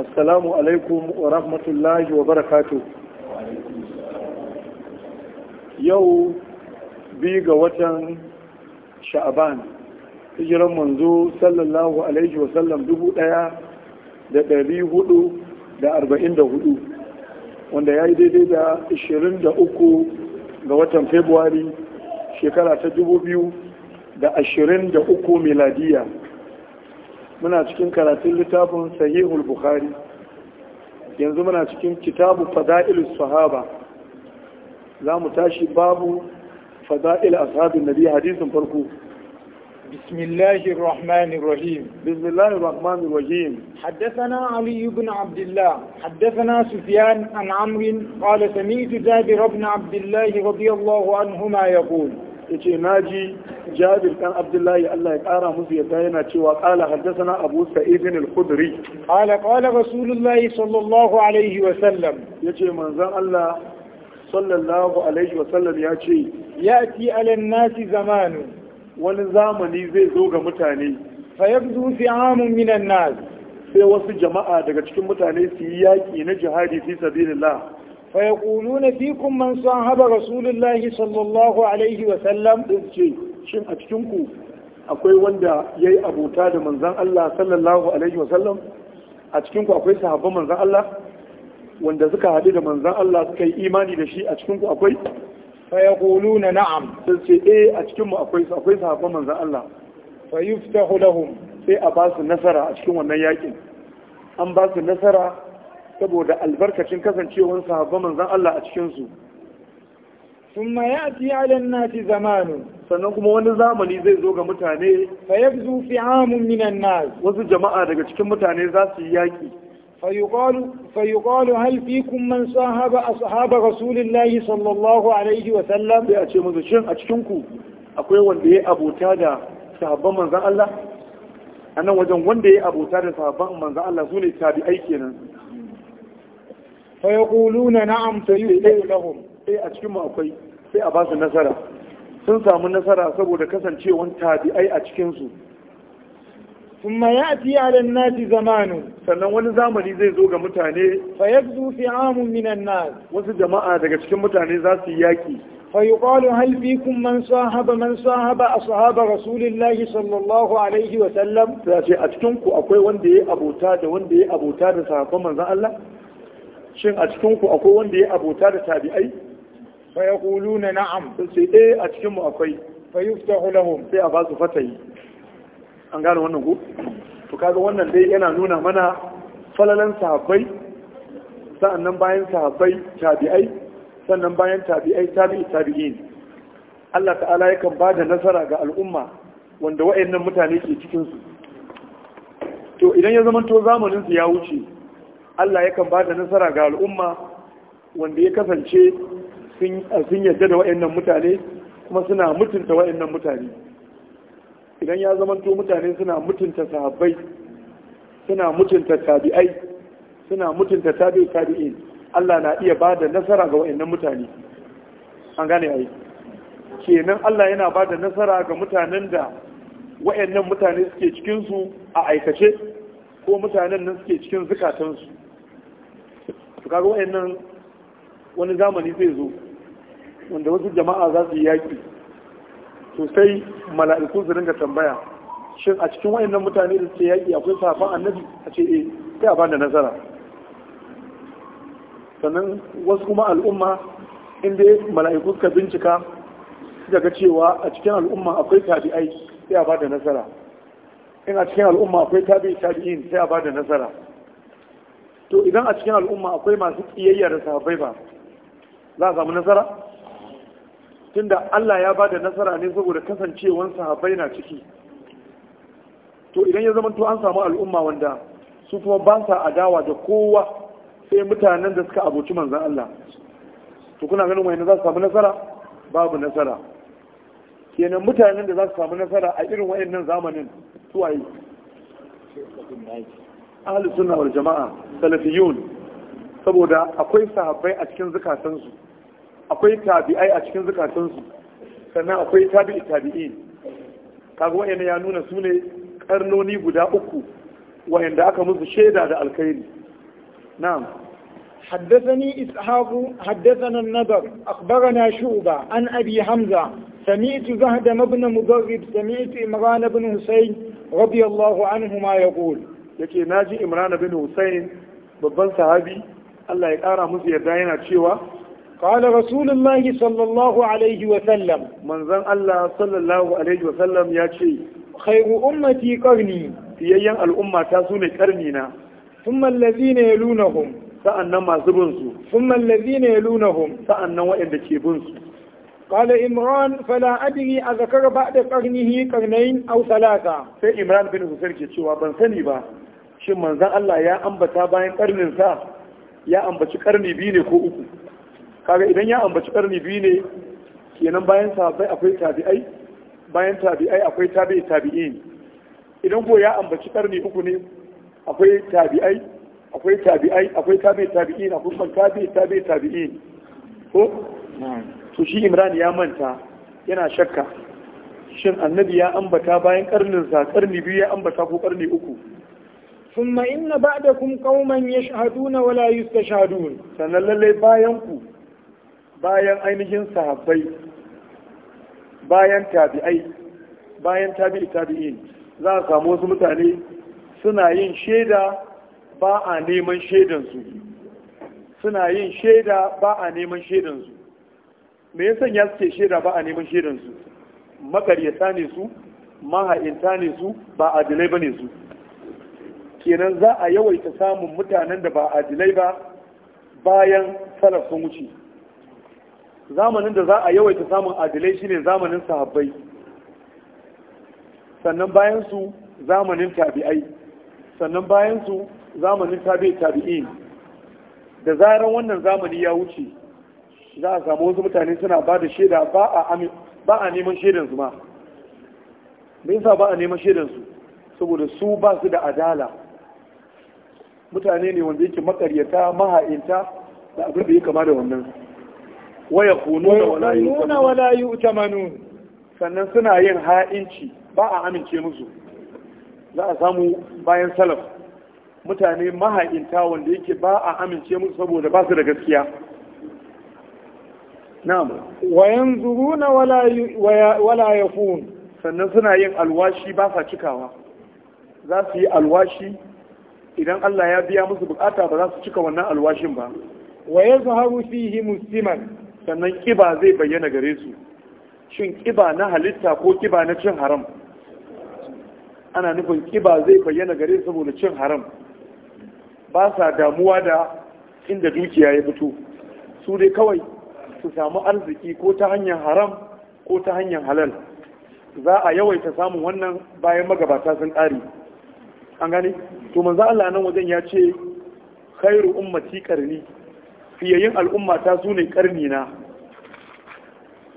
assalamu alaikum wa rahmatullahi wa barakatu yau bi ga watan sha'aban hijiran manzo sallallahu alaihi wa sallam dubu daya da dari hudu da arba'in da hudu wanda ya yi daidai da ishirin da uku ga watan februari shekara ta dubu biyu da ashirin da uku miladiya muna cikin karatun littafin sahihul bukhari yanzu muna cikin kitabu fada'ilu sahaba za mu tashi babu fada'il ashabin nabi hadisin farko Bismillahirrahmanirrahim. Bismillahirrahmanirrahim. Haddathana Ali ibn Abdullah, haddathana Sufyan an Amr, qala sami'tu Jabir ibn Abdullah radiyallahu anhu ma yaqul. yace ji Jabir dan Abdullahi Allah ya ƙara musu yadda yana cewa qala na Abu Sa'id al-Khudri qala qala Rasulullahi sallallahu alaihi wa sallam yace manzon Allah sallallahu alaihi wa sallam ya ce yati ala nasi zamanu wani zamani zai zo ga mutane fa yabdu amun minan nas sai wasu jama'a daga cikin mutane su yi yaƙi na jihadi fi sabilillah فيقولون فيكم من صاحب رسول الله صلى الله عليه وسلم ce shin a cikin akwai wanda yayi abota da manzon Allah sallallahu alaihi wasallam a cikin akwai sahabban manzon Allah wanda suka haɗu da manzon Allah suka yi imani da shi a cikin ku akwai fayaquluna na'am sun ce a cikin mu akwai akwai sahabban manzon Allah fayuftahu lahum sai a basu nasara a cikin wannan yakin an basu nasara saboda albarkacin kasancewar sahabban manzon Allah a cikin su thumma ya'ti 'ala an-nasi zamanu sannan kuma wani zamani zai zo ga mutane fa yabzu fi'amun min an-nas wasu jama'a daga cikin mutane za su yi yaki فيقال hal هل فيكم من صاحب a رسول الله sallallahu alaihi wa sallam. يا ce musu shin a cikin ku akwai wanda ya abota da sahabban manzon Allah anan wajen wanda ya abota da sahabban manzon Allah sune tabi'ai kenan fayaƙuluna na amsa yi ɗaya lahun sai a cikin akwai sai a ba nasara sun samu nasara saboda kasancewan tabi'ai a cikinsu Su ya fi alin naji zamanu sannan wani zamani zai zo ga mutane fayar zufi amun minan wasu jama'a daga cikin mutane za su yi yaƙi fayuƙalu halbi kun man sahaba man a sahaba rasulillahi sallallahu alaihi wasallam za a cikin ku akwai wanda ya abota da wanda ya abota da sahaba manzan Allah shin a cikin ku akwai wanda ya abota da tabi'ai fa yaquluna na'am sai eh a cikin mu akwai fa yuftahu lahum sai a ba su fatayi an gane wannan ku to kaga wannan dai yana nuna mana falalan sahabbai sa'annan bayan sahabbai tabi'ai sannan bayan tabi'ai tabi'i tabi'in Allah ta'ala yakan ba da nasara ga al'umma wanda wa'annan mutane ke cikin su to idan ya zama to zamanin su ya wuce Allah yakan ba da nasara ga al'umma wanda ya kasance sun yarda da wa'annan mutane kuma suna mutunta wa'annan mutane idan ya zamanto mutane suna mutunta sahabbai suna mutunta tabi'ai suna mutunta tabi'i tabi'in Allah na iya ba da nasara ga wa'annan mutane an gane ai kenan Allah yana ba da nasara ga mutanen da wa'annan mutane suke cikinsu a aikace ko mutanen nan suke cikin zukatansu to kaga wayannan wani zamani zai zo wanda wasu jama'a za su yi yaƙi sosai mala'iku su ringa tambaya shin a cikin wayannan mutane da suke yaƙi akwai safan annabi a ce eh sai a bada nasara sannan wasu kuma al'umma inda mala'iku suka bincika suka ga cewa a cikin al'umma akwai tabi'ai sai a bada nasara in a cikin al'umma akwai tabi'i tabi'in sai a bada nasara to idan a cikin al'umma akwai masu kiyayya da sahabbai ba za a samu nasara tunda Allah ya ba da nasara ne saboda kasancewan sahabbai na ciki to idan ya zama an samu al'umma wanda su kuma ba sa adawa da kowa sai mutanen da suka aboci manzan Allah to kuna ganin wani za su samu nasara babu nasara kenan mutanen da za su samu nasara a irin wayannan zamanin suwaye ahlus sunna wal jama'a salafiyun saboda akwai sahabbai a cikin zukatansu akwai tabi'ai a cikin zukatansu sannan akwai tabi'i tabi'i kaga wayannan ya nuna su ne karnoni guda uku wayanda aka musu shaida da alkhairi na'am حدثني إسحاق حدثنا النضر أخبرنا شعبة عن أبي حمزة سمعت زهدم بن مضرب سمعت إمران بن حسين رضي الله عنهما يقول na ji imran bin husayn babban sahabi Allah ya ƙara musu yarda yana cewa qala rasulullahi sallallahu alaihi wa sallam manzon Allah sallallahu alaihi wa sallam ya ce khairu ummati qarni Siyayyen al'umma ta sune karni na thumma allazina yalunahum sa'annan masu bin su thumma allazina yalunahum sa'annan wa'anda ke bin su قال إمران فلا أدري أذكر بعد قرنه قرنين أو ثلاثة سي إمران بن حسين كي تشوى بن سني shin manzan Allah ya ambata bayan karnin sa ya ambaci karni biyu ne ko uku kaga idan ya ambaci karni biyu ne kenan bayan sahabbai akwai tabi'ai bayan tabi'ai akwai tabi'i tabi'in idan ko ya ambaci karni uku ne akwai tabi'ai akwai tabi'ai akwai tabi'i tabi'in akwai kuma tabi'i tabi'i tabi'in ko to shi imran ya manta yana shakka shin annabi ya ambata bayan karnin sa karni biyu ya ambata ko karni uku ثم إن بعدكم قوما يشهدون ولا يستشهدون سنلل باينكم باين أينهم صحابي باين تابعي باين تابعي تابعين za a samu wasu mutane suna yin shaida ba a neman shaidansu suna yin shaida ba a neman shaidansu me ya sanya suke shaida ba a neman shaidansu makaryata ne su maha'inta ne su ba adilai su kenan za a yawaita samun mutanen da ba adilai ba bayan salaf sun wuce zamanin da za a yawaita samun adilai shine zamanin sahabbai sannan bayan su zamanin tabi'ai sannan bayan su zamanin tabi'i tabi'in da zaran wannan zamani ya wuce za a samu wasu mutane suna ba da shaida ba a neman shaidan su ma me yasa ba a neman shaidan su saboda su ba su da adala mutane ne wanda yake makaryata maha'inta da abin da ya kama da wannan waya kununa wala utamanu sannan suna yin ha'inci ba a amince musu za a samu bayan salaf mutane maha'inta wanda yake ba a amince musu saboda ba su da gaskiya na'am wayan zuruna wala yafun sannan suna yin alwashi ba sa cikawa za su yi alwashi idan Allah ya biya musu bukata ba za su cika wannan alwashin ba wa yazharu fihi musliman sannan kiba zai bayyana gare su shin kiba na halitta ko kiba na cin haram ana nufin kiba zai bayyana gare su saboda cin haram ba sa damuwa da inda dukiya ya fito su dai kawai su samu arziki ko ta hanyar haram ko ta hanyar halal za a yawaita samun wannan bayan magabata sun ƙari an gane to manzo Allah nan wajen ya ce khairu ummati qarni fiyayin al'umma ta su karni na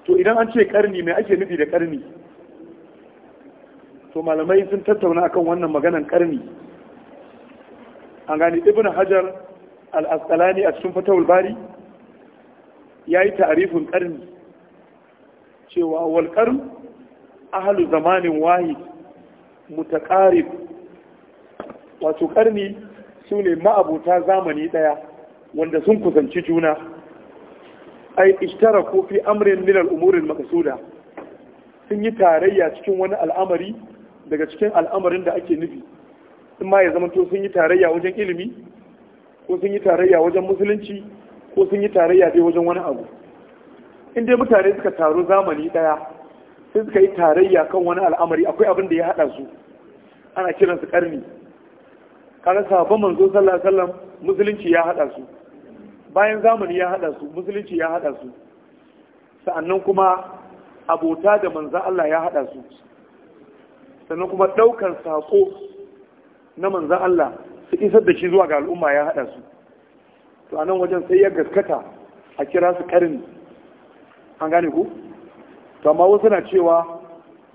to idan an ce karni mai ake nufi da karni to malamai sun tattauna akan wannan maganan karni an gane ibn hajar al-asqalani a cikin fatawul bari yayi ta'rifin karni cewa wal qarn ahlu zamanin wahid mutaqarib wato karni su ne ma'abota zamani ɗaya wanda sun kusanci juna ai ishtara ko fi amrin min makasuda sun yi tarayya cikin wani al'amari daga cikin al'amarin da ake nufi in ma ya zama to sun yi tarayya wajen ilimi ko sun yi tarayya wajen musulunci ko sun yi tarayya dai wajen wani abu in dai mutane suka taru zamani ɗaya sai suka yi tarayya kan wani al'amari akwai abin da ya haɗa su ana kiransu karni kaga sahabban manzo sallallahu alaihi wasallam musulunci ya hada su bayan zamani ya hada su musulunci ya hada su sa'annan kuma abota da manzo Allah ya hada su sannan kuma daukar sako na manzan Allah su isar da shi zuwa ga al'umma ya hada su to anan wajen sai ya gaskata a kira su karin an gane ku to amma wasu na cewa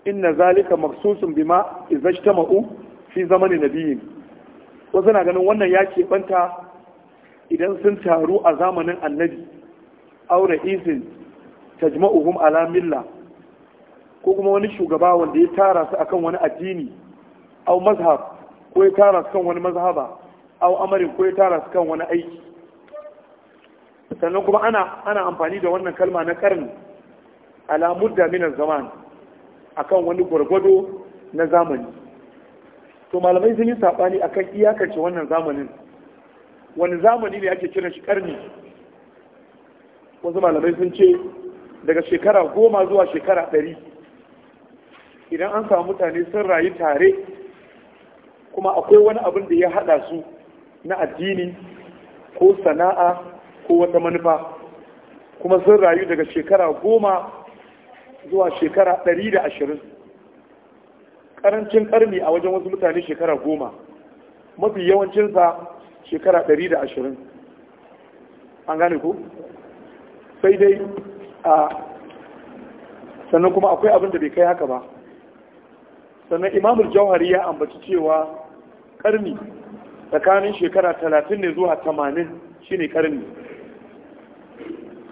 inna zalika maksusun bima izajtama'u fi zamanin nabiyyin wasu na ganin wannan ya keɓanta idan sun taru a zamanin annabi aure isin tajma'uhum ala milla ko kuma wani shugaba wanda ya tara su akan wani addini au mazhab ko ya tara su kan wani mazhaba au amarin ko ya tara su kan wani aiki sannan kuma ana ana amfani da wannan kalma na karin ala mudda zaman akan wani gwargwado na zamani to malamai sun yi saɓani akan iyakance wannan zamanin wani zamani ne ake kiran shi karni wasu malamai sun ce daga shekara goma zuwa shekara ɗari idan an samu mutane sun rayu tare kuma akwai wani abin da ya haɗa su na addini ko sana'a ko wata manufa kuma sun rayu daga shekara goma zuwa shekara ɗari da ashirin karancin karni a wajen wasu mutane shekara goma mafi yawancinsa shekara ɗari da ashirin an gane ku sai dai a sannan kuma akwai abin da bai kai haka ba sannan imamul jauhari ya ambaci cewa karni tsakanin shekara talatin ne zuwa tamanin shine karni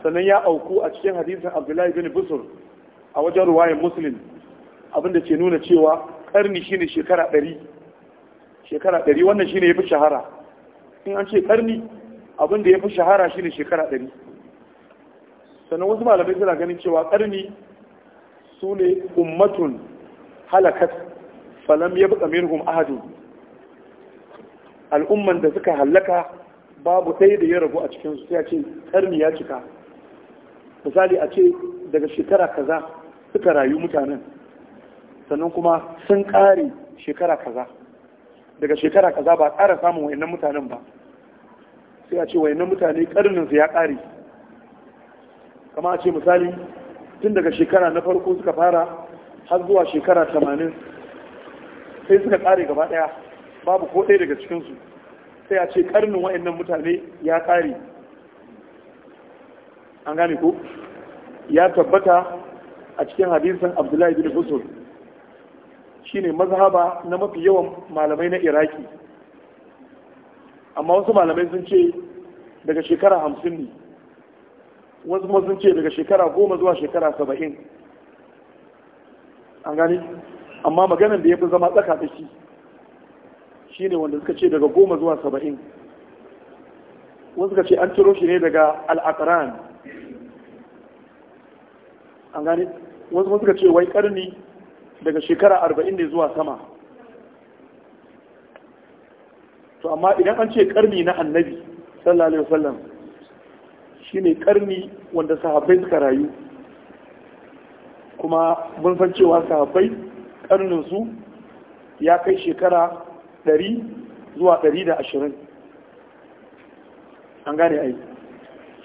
sannan ya auku a cikin hadisin abdullahi bin busur a wajen ruwayen muslim abinda ke nuna cewa karni shine shekara ɗari shekara ɗari wannan shine ya fi shahara in an ce karni abinda ya fi shahara shine shekara ɗari sannan wasu malamai suna ganin cewa karni su ne ummatun halakat falam ya buƙa minhum ahadu al'umman da suka hallaka babu ɗaya da ya rabu a cikinsu sai a ce karni ya cika misali a ce daga shekara kaza suka rayu mutanen sannan kuma sun ƙare shekara kaza daga shekara kaza ba ƙara samun wayannan mutanen ba sai a ce wayannan mutane karninsu ya ƙare kama a ce misali tun daga shekara na farko suka fara har zuwa shekara tamanin sai suka ƙare gaba ɗaya babu ko ɗaya daga cikinsu sai a ce ƙarnin wayannan mutane ya ƙare an gane ko ya tabbata a cikin hadisin abdullahi bin shine mazhaba na mafi yawan malamai na iraki amma wasu malamai sun ce daga shekara hamsin ne wasu kuma sun ce daga shekara goma zuwa shekara saba'in an gani amma maganin da ya fi zama tsaka da shi shine wanda suka ce daga goma zuwa saba'in wasu ka ce an ciro shi ne daga al'akaran an gani wasu suka ce wai karni daga shekara arba'in ne zuwa sama to amma idan an ce karni na annabi sallallahu alaihi wasallam ne karni wanda sahabbai suka rayu kuma mun san cewa sahabbai karnin su ya kai shekara ɗari zuwa da ashirin, an gane ai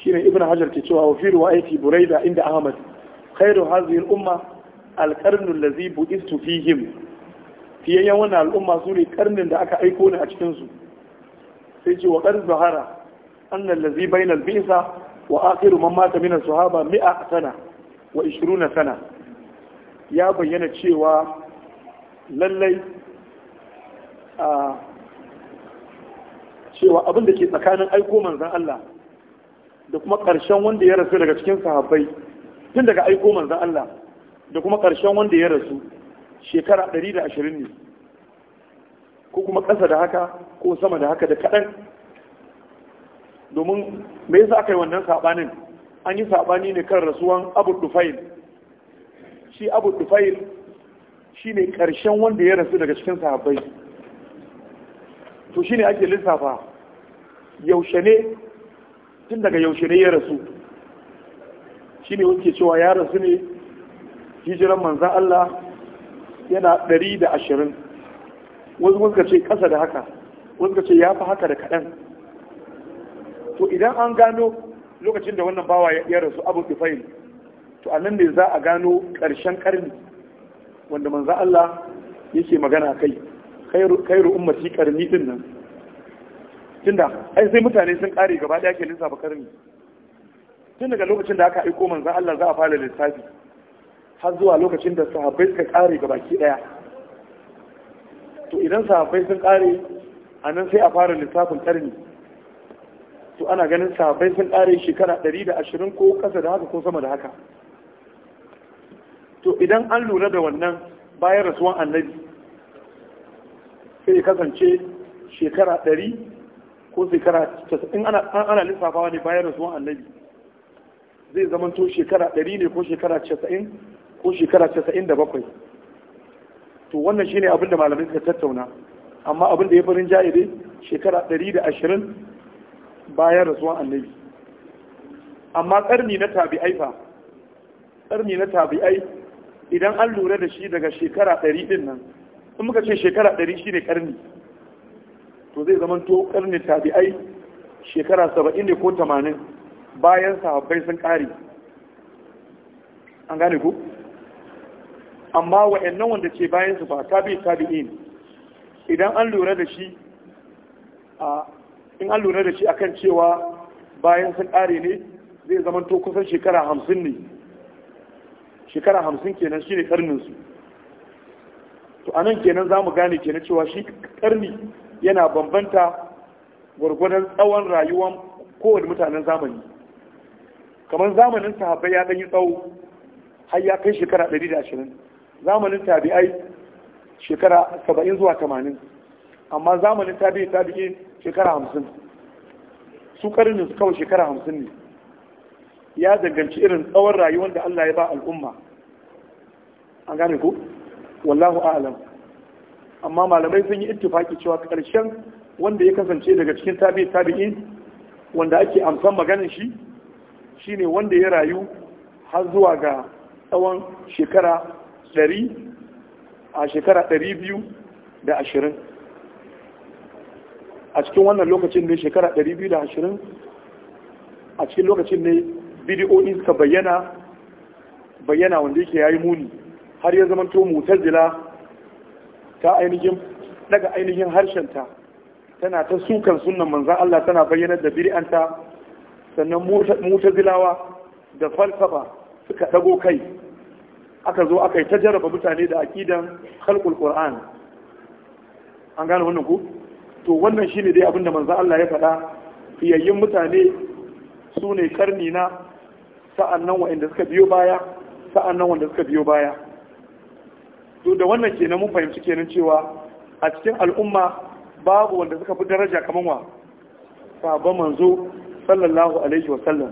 ne ibn hajar ke cewa wa aiki riwayati buraida inda ahmad khairu hadhihi umma alƙarnin da zai buɗi su fihim fiye wani al'umma su ne ƙarnin da aka aiko ni a cikinsu sai ce wa ƙarnin zuhara an nan zai bayan bisa wa akiru man mata min suhaba mi'a sana wa na sana ya bayyana cewa lallai a cewa abin da ke tsakanin aiko manzan Allah da kuma ƙarshen wanda ya rasu daga cikin sahabbai tun daga aiko manzan Allah da kuma ƙarshen wanda ya rasu shekara 120 ne ko kuma ƙasa da haka ko sama da haka da kaɗan domin me yasa aka yi wannan saɓanin an yi saɓani ne kan rasuwan abu dufail shi abu dufail shi ne ƙarshen wanda ya rasu daga cikin sahabbai to shi ne ake lissafa yaushe ne tun daga yaushe ne ya rasu shi ne wanke cewa ya rasu ne hijiran manzan Allah yana 120 wasu wasu ce ƙasa da haka wasu ce ya fi haka da kaɗan to idan an gano lokacin da wannan bawa ya rasu abu ifail to a nan ne za a gano ƙarshen ƙarni wanda manzan Allah yake magana kai kairu ummati ƙarni din nan tunda ai sai mutane sun ƙare gaba ɗaya ke lissafa ƙarni tun daga lokacin da aka aiko manza Allah za a fara lissafi har zuwa lokacin da sahabbai suka kare ga baki daya to idan sahabbai sun kare a nan sai a fara lissafin karni to ana ganin sahabbai sun kare shekara 120 ko kasa da haka ko sama da haka to idan an lura da wannan bayan rasuwan annabi sai ya kasance shekara 100 ko shekara 90 in ana lissafawa ne bayan rasuwan annabi zai zamanto shekara 100 ne ko shekara 90 ko shekara casa'in da bakwai to wannan shine abin da malamai suka tattauna amma abin da ya farin jaye shekara ɗari da ashirin bayan rasuwan annabi amma ƙarni na tabi'ai fa ƙarni na tabi'ai idan an lura da shi daga shekara ɗari ɗin nan in muka ce shekara ɗari shi ne ƙarni to zai zama to ƙarni tabi'ai shekara saba'in ne ko tamanin bayan sahabbai sun ƙare an gane ku amma wa'annan wanda ke bayan su ba tabi in idan an lura da shi a in an lura da shi akan cewa bayan sun kare ne zai zama to kusan shekara hamsin ne shekara hamsin kenan shi ne karnin su to anan kenan za mu gane kenan cewa shi karni yana bambanta gwargwadon tsawon rayuwar kowane mutanen zamani kamar zamanin sahabbai ya ɗanyi tsawo har ya kai shekara ɗari da 120 zamanin tabi'ai shekara saba'in zuwa tamanin amma zamanin tabi'in tabi'in shekara hamsin su karni su kawai shekara hamsin ne ya danganci irin tsawon rayuwar da Allah ya ba al'umma an gane ku wallahu a'alam amma malamai sun yi ittifaki cewa karshen wanda ya kasance daga cikin tabi'i tabi'in wanda ake amsan maganin shi shine wanda ya rayu har zuwa ga tsawon shekara a shekara ɗari biyu da ashirin a cikin wannan lokacin ne shekara ɗari biyu da ashirin a cikin lokacin ne bidiyoyi suka bayyana bayyana wanda yake yayi muni har ya zama to mutazila ta ainihin daga ainihin harshenta tana ta sukan sunan manzan Allah tana bayyanar da bid'anta sannan mutazilawa da falsafa suka dago kai aka zo aka yi ta jarraba mutane da aqidan khalqul qur'an an gane wannan ku to wannan shine dai abinda manzo Allah ya faɗa fiyayyin mutane su ne karni na sa'annan wanda suka biyo baya sa'annan wanda suka biyo baya to da wannan kenan mun fahimci kenan cewa a cikin al'umma babu wanda suka fi daraja kaman wa sabon manzo sallallahu alaihi wasallam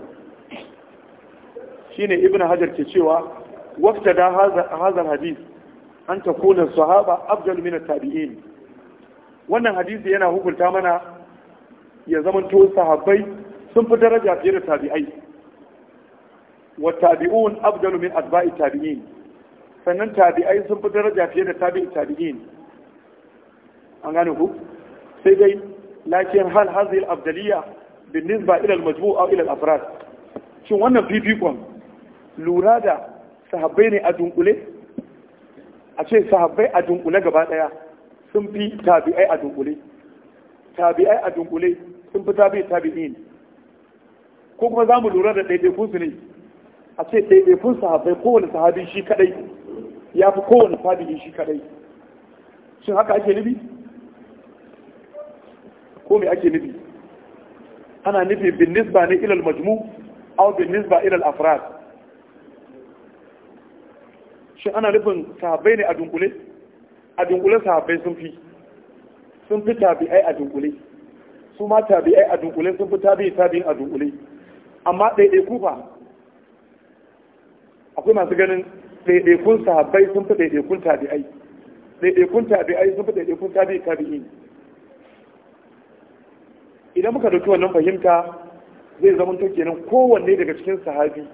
shine ibnu hajar ke cewa wafta da hazan hadis an ta kuna sahaba abdul min tabi'in wannan hadisi yana hukunta mana ya zamanto sahabbai sun fi daraja fiye da tabi'ai wa tabi'un abdul min atba'i tabi'in sannan tabi'ai sun fi daraja fiye da tabi'i tabi'in an gane ku sai dai lakin hal hazil abdaliya bin nisba al al shin wannan fifikon lura da sahabbai ne a dunkule a ce sahabbai a dunkule gaba daya sun fi tabi'ai a dunkule tabi'ai a dunkule sun fi tabi'i tabi'in ko kuma za mu lura da ɗaiɗaikun su ne a ce ɗaiɗaikun sahabbai kowane sahabi shi kadai ya fi kowane tabi'i shi kadai shin haka ake nufi ko me ake nufi ana nufi bin nisba ne ilal majmu au bin nisba ilal afrad shi ana nufin sahabbai ne a dunkule a dunkule sahabbai sun fi sun fi tabi'ai a dunkule su ma tabi'ai a dunkule sun fi tabi'i tabi'in a dunkule amma ɗaiɗaiku fa akwai masu ganin ɗaiɗaikun sahabbai sun fi ɗaiɗaikun tabi'ai ɗaiɗaikun tabi'ai sun fi ɗaiɗaikun tabi'i tabi'i idan muka dauki wannan fahimta zai zama to kenan kowanne daga cikin sahabi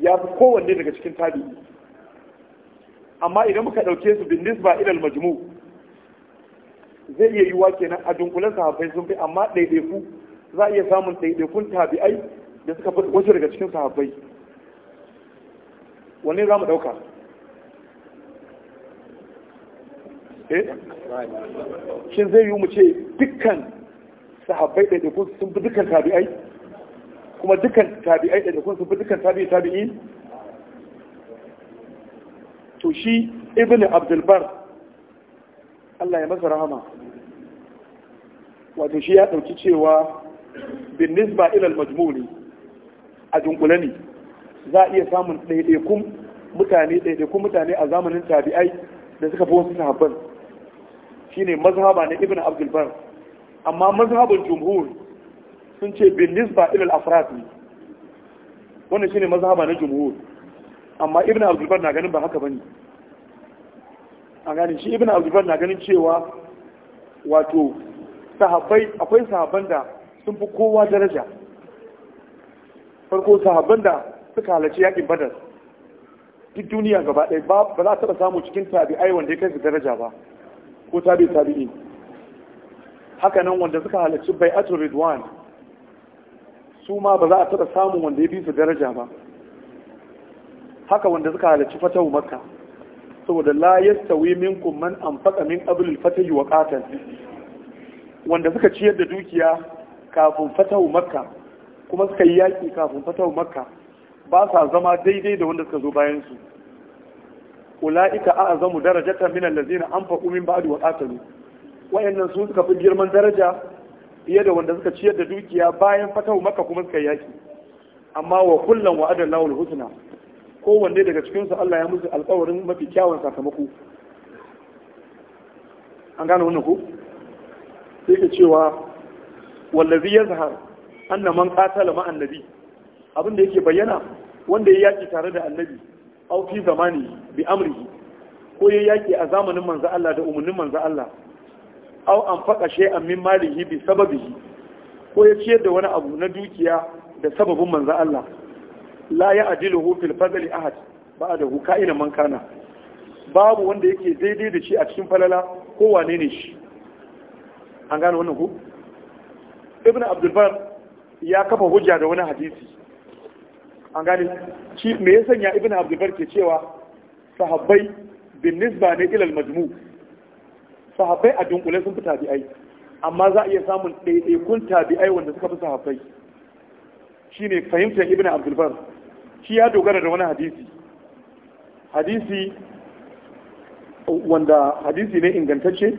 ya fi kowanne daga cikin tabi'i amma idan muka ɗauke su bin nisba ilal majmu zai iya yiwuwa kenan a dunkulen sahabbai sun fi amma ɗaiɗaiku za a iya samun ɗaiɗaikun tabi'ai da suka fi wasu daga cikin sahabbai wani za mu ɗauka eh? shin zai yiwu mu ce dukkan sahabbai ɗaiɗaikun sun fi dukkan tabi'ai kuma dukkan tabi'ai ɗaiɗaikun sun fi dukkan tabi'i tabi'in to shi ibn abdulbar Allah ya masa rahama wato shi ya ɗauki cewa bin nisba ilal majmuli a dunkule ne za a iya samun ɗaiɗaikun mutane ɗaiɗaikun mutane a zamanin tabi'ai da suka fi wasu sahabban shine mazhaba na ibn abdulbar amma mazhabin jumhur sun ce bin nisba ilal afrat ne wannan shine mazhaba na jumhur amma ibn abdulbar na ganin ba haka bane a gane shi ibn abdulbar na ganin cewa wato sahabbai akwai sahabban da sun fi kowa daraja farko sahabban da suka halarci yakin badar duk duniya gaba ɗaya ba za a taɓa samu cikin tabi'ai wanda ya kai su daraja ba ko tabi tabi'i haka nan wanda suka halarci bai'atul ridwan su ma ba za a taɓa samun wanda ya fi su daraja ba haka wanda suka halarci fatahu makka saboda la yastawi minkum man anfaqa min qabl al-fatahi wa qatal wanda suka ciyar da dukiya kafin fatahu makka kuma suka yi yaki kafin fatahu makka ba sa zama daidai da wanda suka zo bayan su ulaika a'zamu darajatan min allazina anfaqu min ba'd wa qatalu wayannan su suka fi girman daraja fiye da wanda suka ciyar da dukiya bayan fatahu makka kuma suka yaki amma wa kullum wa'ada lahul husna kowanne daga cikinsu Allah ya musu alkawarin mafi kyawun sakamako an gane wannan ku sai ke cewa wallazi ya zahar anna man qatala ma annabi abin da yake bayyana wanda ya yaki tare da annabi au fi zamani bi amrihi ko ya yaki a zamanin manzo Allah da umarnin manzo Allah au an faka shay'an min malihi bi sababihi ko ya ciyar da wani abu na dukiya da sababin manzo Allah la ya ajiluhu fil fadli ahad ba da hu ka'ina man babu wanda yake daidai da shi a cikin falala ko wane ne shi an gane wannan ku ibn abdulbar ya kafa hujja da wani hadisi an gane shi me ya sanya ibn abdulbar ke cewa sahabbai bin nisba ne ilal majmu sahabbai a dunkule sun fi tabi'ai amma za a iya samun ɗaiɗaikun tabi'ai wanda suka fi sahabbai shine fahimtar ibn abdulbar shi ya dogara da wani hadisi hadisi wanda hadisi ne ingantacce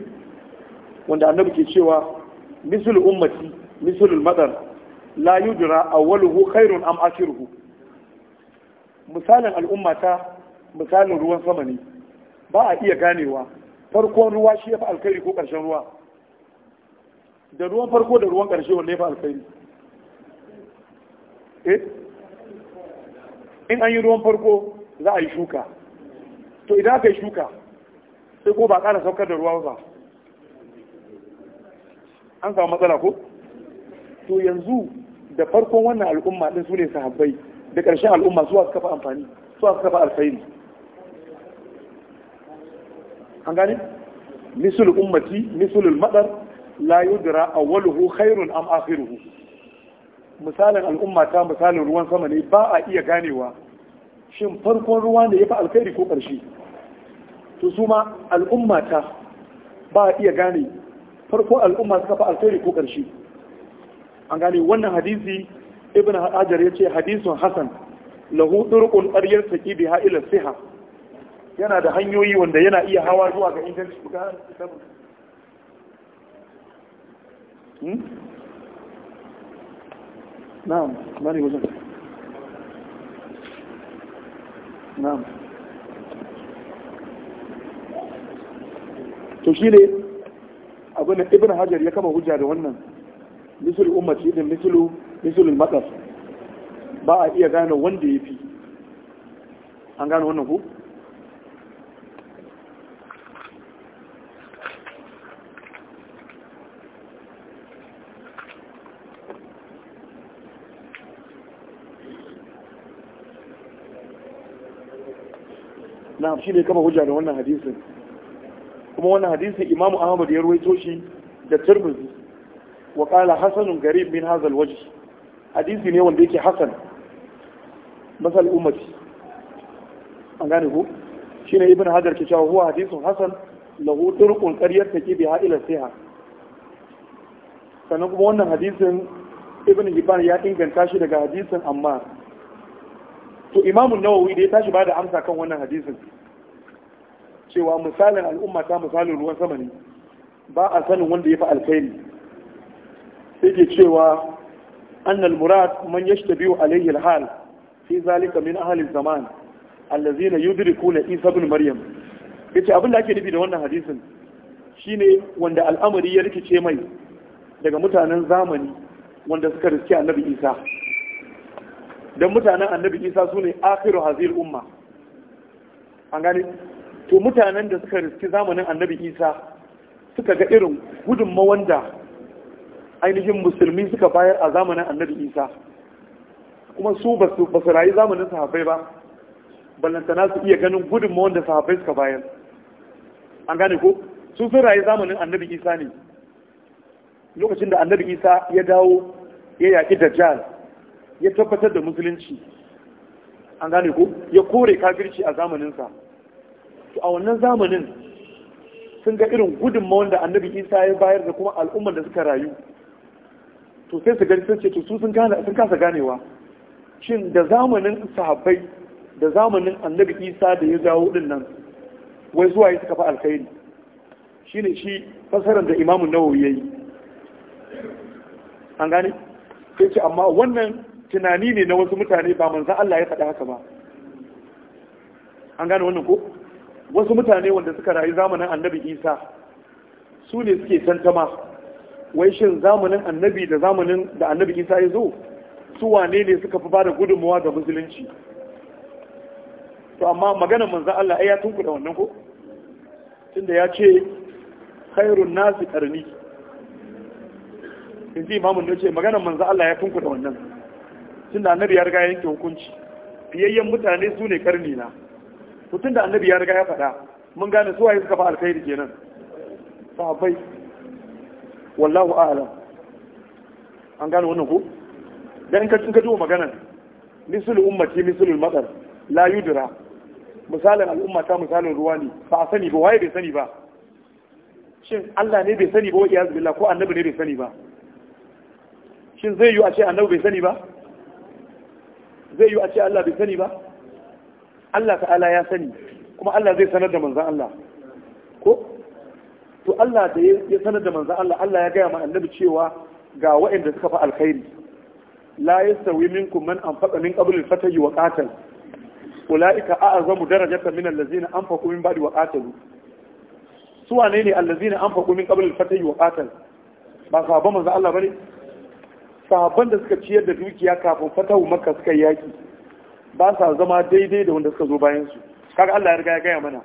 wanda annabi ke cewa misul ummati misul madar la yudra awwaluhu khairun am akhiruhu misalin al'ummata misalin ruwan sama ne ba a iya ganewa farkon ruwa shi ya fi alkhairi ko ƙarshen ruwa da ruwan farko da ruwan ƙarshe wanda ya fi alkhairi eh? in an yi ruwan farko za a yi shuka to idan aka yi shuka sai ko ba a ƙara saukar da ruwa ba an samu matsala ko to yanzu da farkon wannan al'umma din su ne sahabbai da ƙarshen al'umma su wasu kafa amfani su wasu kafa alfairi an gani misul ummati misulul madar la yudra awwaluhu khairun am akhiruhu misalin al'umma ta misalin ruwan sama ne ba a iya ganewa shin farkon ruwa ne ya fi alkhairi ko ƙarshe to su ma al'umma ta ba a iya gane farko al'umma suka fi alkhairi ko ƙarshe an gane wannan hadisi ibn hajar ya ce hadisun hasan lahu turqun qaryar saki biha ila siha yana da hanyoyi wanda yana iya hawa zuwa ga inganci na'am bari wajen na'am to shi ne abin ibn hajar ya kama hujja da wannan misul ummati din misulu misulul matas ba a iya gane wanda ya fi an gane wannan ku shi ne kama hujja da wannan hadisin kuma wannan hadisin imamu ahmad ya ruwaito shi da tirmidhi wa qala hasanun garib min hadha alwajh hadisi ne wanda yake hasan masal ummati an gane ko shine ibn hajar ke cewa huwa hadisun hasan lahu turqun qaryat taqibiha ila siha sannan kuma wannan hadisin ibn hibban ya inganta shi daga hadisin amma to imamun nawawi da ya tashi ba da amsa kan wannan hadisin cewa misalin al'umma ta misalin ruwan sama ne ba a sanin wanda ya fi alkhairi sai ke cewa annal murad man biyu alayhi alhal fi zalika min ahli zaman allazina yudrikuna isa ibn maryam yace abin da ake nufi da wannan hadisin shine wanda al'amari ya rikice mai daga mutanen zamani wanda suka riske annabi isa dan mutanen annabi isa sune akhiru hazil umma an gane to mutanen da suka riski zamanin annabi isa suka ga irin gudunmawan da ainihin musulmi suka bayar a zamanin annabi isa kuma su ba su rayu zamanin sahabai ba ballantana su iya ganin gudunmawan da sahabai suka bayar an gane ko su sun rayu zamanin annabi isa ne lokacin da annabi isa ya dawo ya yaƙi dajjal ya tabbatar da musulunci an gane ko ya kore kafirci a zamaninsa to a wannan zamanin sun ga irin gudunmawar da annabi isa ya bayar da kuma al'ummar da suka rayu to sai su gani sun ce to su sun kasa ganewa shin da zamanin sahabbai da zamanin annabi isa da ya dawo din nan wai zuwa ya suka fi alkhairi shine shi fasarar da imamu nawawi yi an gane sai ce amma wannan tunani ne na wasu mutane ba manzan Allah ya faɗa haka ba an gane wannan ko wasu mutane wanda suka rayu zamanin annabi isa su ne suke tantama wai shin zamanin annabi da zamanin da annabi isa ya zo su wane ne suka fi bada gudunmuwa ga musulunci to amma maganar manzan Allah ya da wannan ko tunda ya ce khairun nasi karni in ji imamun da ce maganar manzan Allah ya tunku da wannan tunda annabi ya riga yanke hukunci fiyayyen mutane su ne karni na mutum da annabi ya riga ya faɗa mun gane su waye suka fa alkhairi kenan sahabbai wallahu a'lam an gane wannan ko dan ka in ka ji magana misul ummati misul matar la yudra misalin al'umma ta misalin ruwa ne ba a sani ba waye bai sani ba shin Allah ne bai sani ba wa iyaz billah ko annabi ne bai sani ba shin zai yi a ce annabi bai sani ba zai yi a ce Allah bai sani ba Allah ta'ala ya sani kuma Allah zai sanar da manzan Allah ko to Allah da ya sanar da manzan Allah Allah ya gaya ma annabi cewa ga waɗanda suka fa alkhairi la yastawi minkum man anfaqa min qabl al-fatah wa qatal ulaika a'zamu darajatan min allazina anfaqu min ba'di wa qatalu su wane ne allazina anfaqu min qabl al-fatah wa qatal ba sahabban manzan Allah bane sahabban da suka ciyar da dukiya kafin fatahu makka suka yaki ba sa zama daidai da wanda suka zo bayan su kaga Allah ya riga ya gaya mana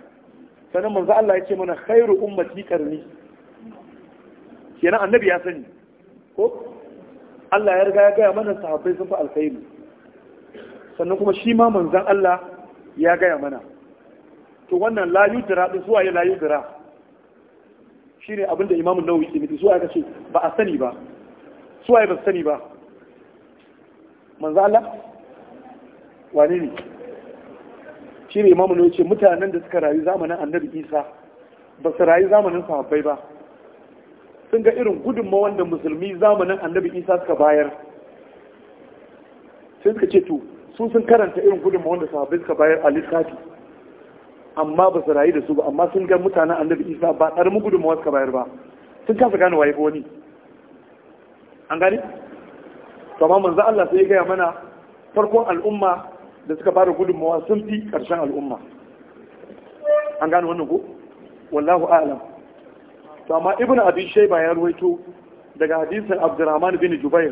sannan manzo Allah ya mana khairu ummati karni kenan annabi ya sani ko Allah ya riga ya gaya mana sahabbai sun fi alkhairi sannan kuma shi ma manzon Allah ya gaya mana to wannan la yudra din suwaye la yudra shine abinda imamu Nawawi ke nufi suwaye kace ba a sani ba suwaye ba sani ba manzo Allah wane ne shi ne imamu ne ce mutanen da suka rayu zamanin annabi isa ba su rayu zamanin sahabbai ba sun ga irin gudunmawar da musulmi zamanin annabi isa suka bayar sai suka ce to su sun karanta irin gudunmawar da sahabbai suka bayar a littafi amma ba su rayu da su ba amma sun ga mutanen annabi isa ba ƙaramin gudunmawar suka bayar ba sun kasa gane waye ko wani an gani? to amma manzo Allah sai ya gaya mana farkon al'umma da suka fara gudunmawa sun fi ƙarshen al'umma an gano wannan ko wallahu a'lam to amma ibn abi shayba ya ruwaito daga hadisin abdurrahman bin jubair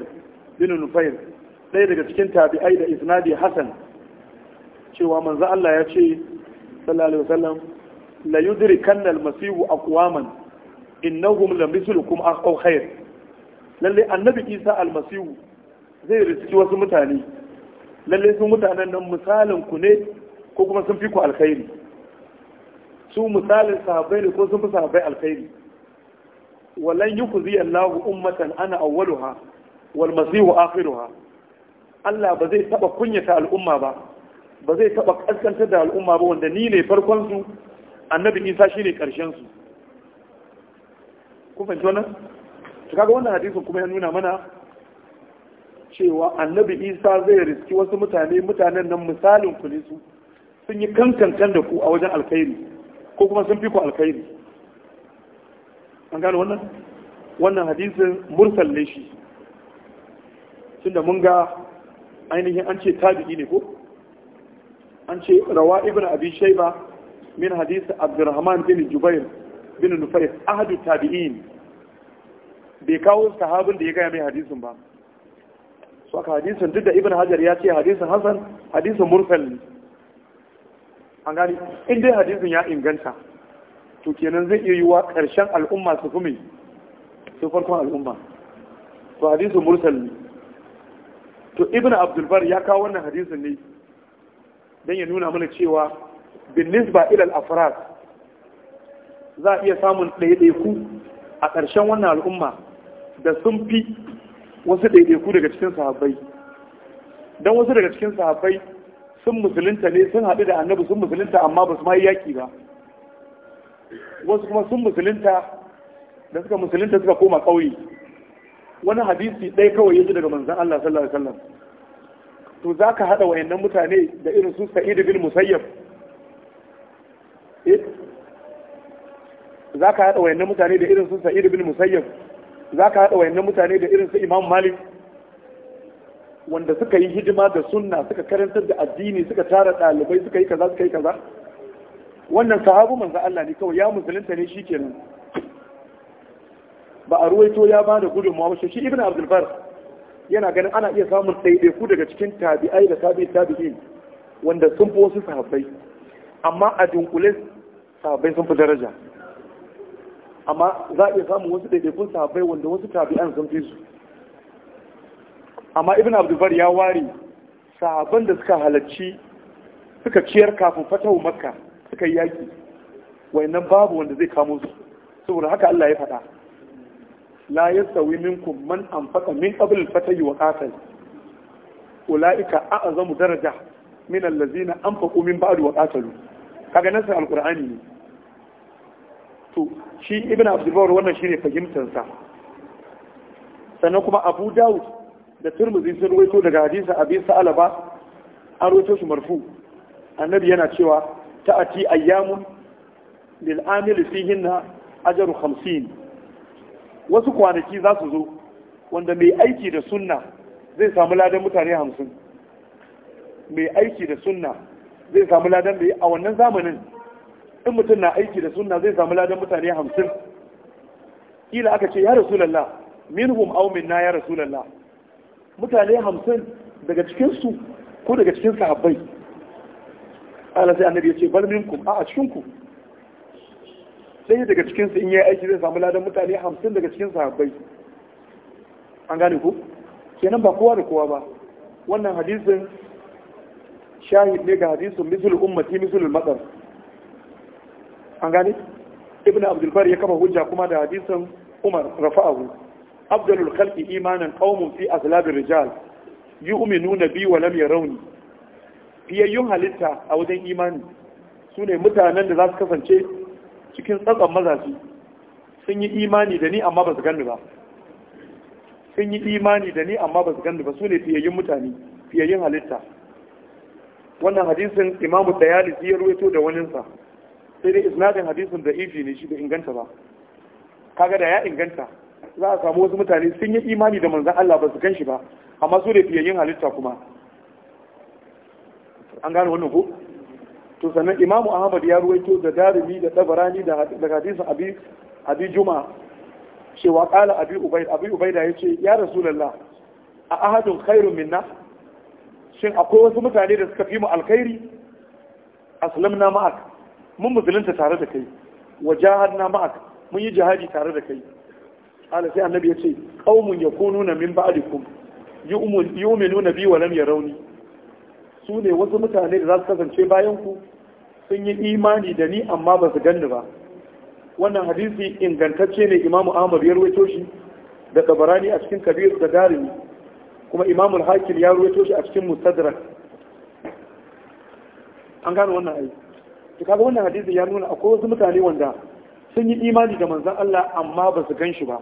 bin nufair ɗaya daga cikin tabi'ai da isnadi hasan cewa manzo Allah ya ce sallallahu alaihi wasallam la yudrikanna al-masih aqwaman innahum la mislukum aw khair lalle annabi isa al zai riski wasu mutane Lallai su mutanen nan misalin ku ne ko kuma sun fi ku alkhairi su misalin sahabbai ne ko sun fi sahabbai alkhairi walan yukhzi Allahu ummatan ana awwaluha wal masihu akhiruha Allah ba zai taba kunyata al'umma ba ba zai taba kaskantar da al'umma ba wanda ni ne farkon su annabi Isa shine karshen su kun fahimci wannan to kaga wannan hadisin kuma ya nuna mana cewa annabi isa zai riski wasu mutane mutanen nan misalin ku ne su sun yi kankankan da ku a wajen alkhairi ko kuma sun fi ku alkhairi an gano wannan wannan hadisin mursal ne shi tunda mun ga ainihin an ce tabi'i ne ko an ce rawa ibn abi shayba min hadisi abdurrahman bin jubair bin nufayr ahadu tabi'in bai kawo sahabin da ya gaya mai hadisin ba saka hadisin duk da ibn hajar ya ce hadisin hasan hadisin murfal ne an gani inda hadisin ya inganta to kenan zai iya yiwa karshen al'umma su fume su farkon al'umma to hadisin murfal ne to ibn abdulbar ya kawo wannan hadisin ne don ya nuna mana cewa bin nisba ilal afirat za a iya samun ɗaiɗaiku a ƙarshen wannan al'umma da sun fi wasu ɗaiɗaiku daga cikin sahabbai don wasu daga cikin sahabbai sun musulunta ne sun haɗu da annabi sun musulunta amma ba su ma yi yaƙi ba wasu kuma sun musulunta da suka musulunta suka koma ƙauye wani hadisi ɗaya kawai ya daga manzan Allah sallallahu alaihi wasallam to za ka haɗa wayannan mutane da irin su sa'id bin musayyab eh? za ka haɗa wayannan mutane da irin su sa'id bin musayyab za ka haɗa wayannan mutane da irin su imam malik wanda suka yi hidima da sunna suka karantar da addini suka tara ɗalibai suka yi kaza suka yi kaza wannan sahabu manzo Allah ne kawai ya musulunta ne shikenan ba a ruwaito ya bada gudunmawa ba shi ibn abdul bar yana ganin ana iya samun ku daga cikin tabi'ai da tabi'i tabi'in wanda sun fi wasu sahabbai amma a dunkule sahabbai sun fi daraja amma za a iya samun wasu daidaikun sahabbai wanda wasu tabi'an sun fi su amma ibn abdulbar ya ware sahabban da suka halarci suka ciyar kafin fatahu makka suka yi yaƙi wayannan babu wanda zai kamo su saboda haka Allah ya faɗa la yasawi minkum man anfaqa min qabl al-fatahi wa qatal ulaika a'zamu daraja min allazina anfaqu min ba'd wa qatalu kaga nasin alqur'ani ne to shi ibn abdulbawar wannan shi ne fahimtansa sannan kuma abu dawud da turmuzi sun ruwaito daga hadisa abin sa'alaba an ruwaito shi marfu annabi yana cewa ta'ati ayyamun lil amil na ajaru 50 wasu kwanaki za su zo wanda mai aiki da sunna zai samu ladan mutane hamsin, mai aiki da sunna zai samu ladan da a wannan zamanin in mutum na aiki da sunna zai samu ladan mutane hamsin kila aka ce ya rasulallah minhum aw minna ya rasulallah mutane hamsin daga cikinsu ko daga cikin sahabbai Allah sai annabi ya ce bal minkum a a cikinku sai daga cikinsu in yayi aiki zai samu ladan mutane hamsin daga cikin sahabbai an gane ku kenan ba kowa da kowa ba wannan hadisin shahid ne ga hadisin misul ummati misul matsar an gane ibn abdul bari ya kama hujja kuma da hadisin umar rafa'ahu afdalul khalqi imanan qaumun fi azlabir rijal yu'minuna bi wa lam yarawni yun halitta a wajen imani su ne mutanen da za su kasance cikin tsatson mazaji sun yi imani da ni amma ba su gani ba sun yi imani da ni amma ba su gani ba su ne fiyayyun mutane fiyayyun halitta wannan hadisin imamu dayali ya ruwaito da waninsa sai dai isnadin hadisin da ifi ne shi da inganta ba kaga da ya inganta za a samu wasu mutane sun yi imani da manzan Allah ba su gan shi ba amma su da yin halitta kuma an gane wannan ko to sannan imamu ahmad ya ruwaito da darimi da tabarani da hadisin abi abi juma cewa kala abi ubaid abi ya ce ya rasulullah a ahadun khairun minna shin akwai wasu mutane da suka fi mu alkhairi aslamna ma'ak mun musulunta tare da kai wa jahadna ma'ak mun yi jihadi tare da kai ala sai annabi ya ce qaumun yakununa min ba'dikum yu'minuna bi wa lam yarawni su ne wasu mutane da za su kasance bayan ku sun yi imani da ni amma ba su ganni ba wannan hadisi ingantacce ne imamu ahmad ya ruwaito shi da tabarani a cikin kabir da darimi kuma imamu al-hakim ya ruwaito shi a cikin mustadrak an gano wannan aiki to kaga wannan hadisi ya nuna akwai wasu mutane wanda sun yi imani da manzon Allah amma ba su gan shi ba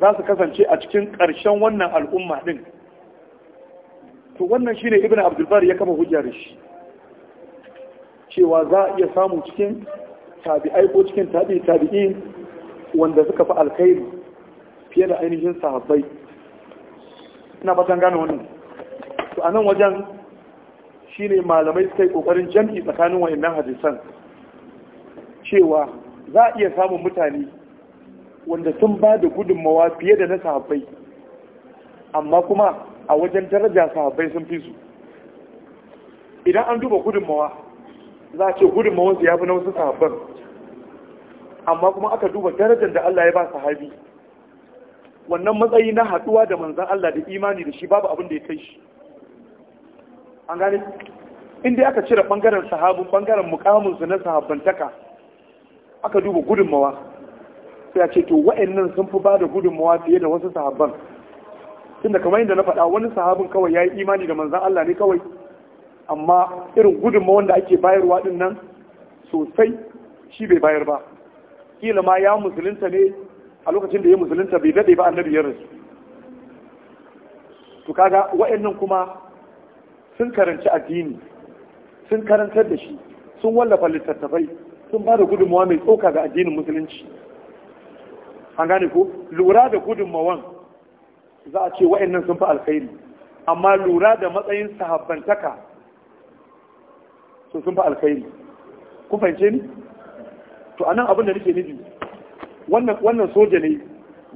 za su kasance a cikin ƙarshen wannan al'umma ɗin to wannan shine ne ibn abdulbar ya kama hujja da shi cewa za a iya samu cikin tabi'ai ko cikin tabi'i tabi'in wanda suka fi alkhairi fiye da ainihin sahabbai ina fatan gane wannan to anan wajen ne malamai suka yi kokarin jam'i tsakanin wayannan hadisan cewa za a iya samun mutane wanda sun ba da gudunmawa fiye da na sahabbai amma kuma a wajen daraja sahabbai sun fi su idan an duba gudunmawa za a ce gudunmawansu ya fi na wasu sahabban amma kuma aka duba darajar da Allah ya ba sahabi wannan matsayi na haɗuwa da manzan Allah da imani da shi babu abin da ya kai shi an gane inda aka cire bangaren sahabu bangaren mukamin su na sahabantaka aka duba gudunmawa sai a ce to wa'annan sun fi bada gudunmawa fiye da wasu sahabban tunda kamar yadda na faɗa wani sahabin kawai ya yi imani da manzan Allah ne kawai amma irin gudunmawa da ake bayarwa din nan sosai shi bai bayar ba kila ma ya musulunta ne a lokacin da ya musulunta bai daɗe ba annabi ya rasu to kaga wa'annan kuma sun karanci addini sun karantar da shi sun wallafa littattafai sun ba da gudunmawa mai tsoka ga addinin musulunci an gane ko lura da gudunmawan za a ce wa'annan sun fi alkhairi amma lura da matsayin sahabbantaka sun fi alkhairi ku fahimce ni to anan abin da nake nufi wannan wannan soja ne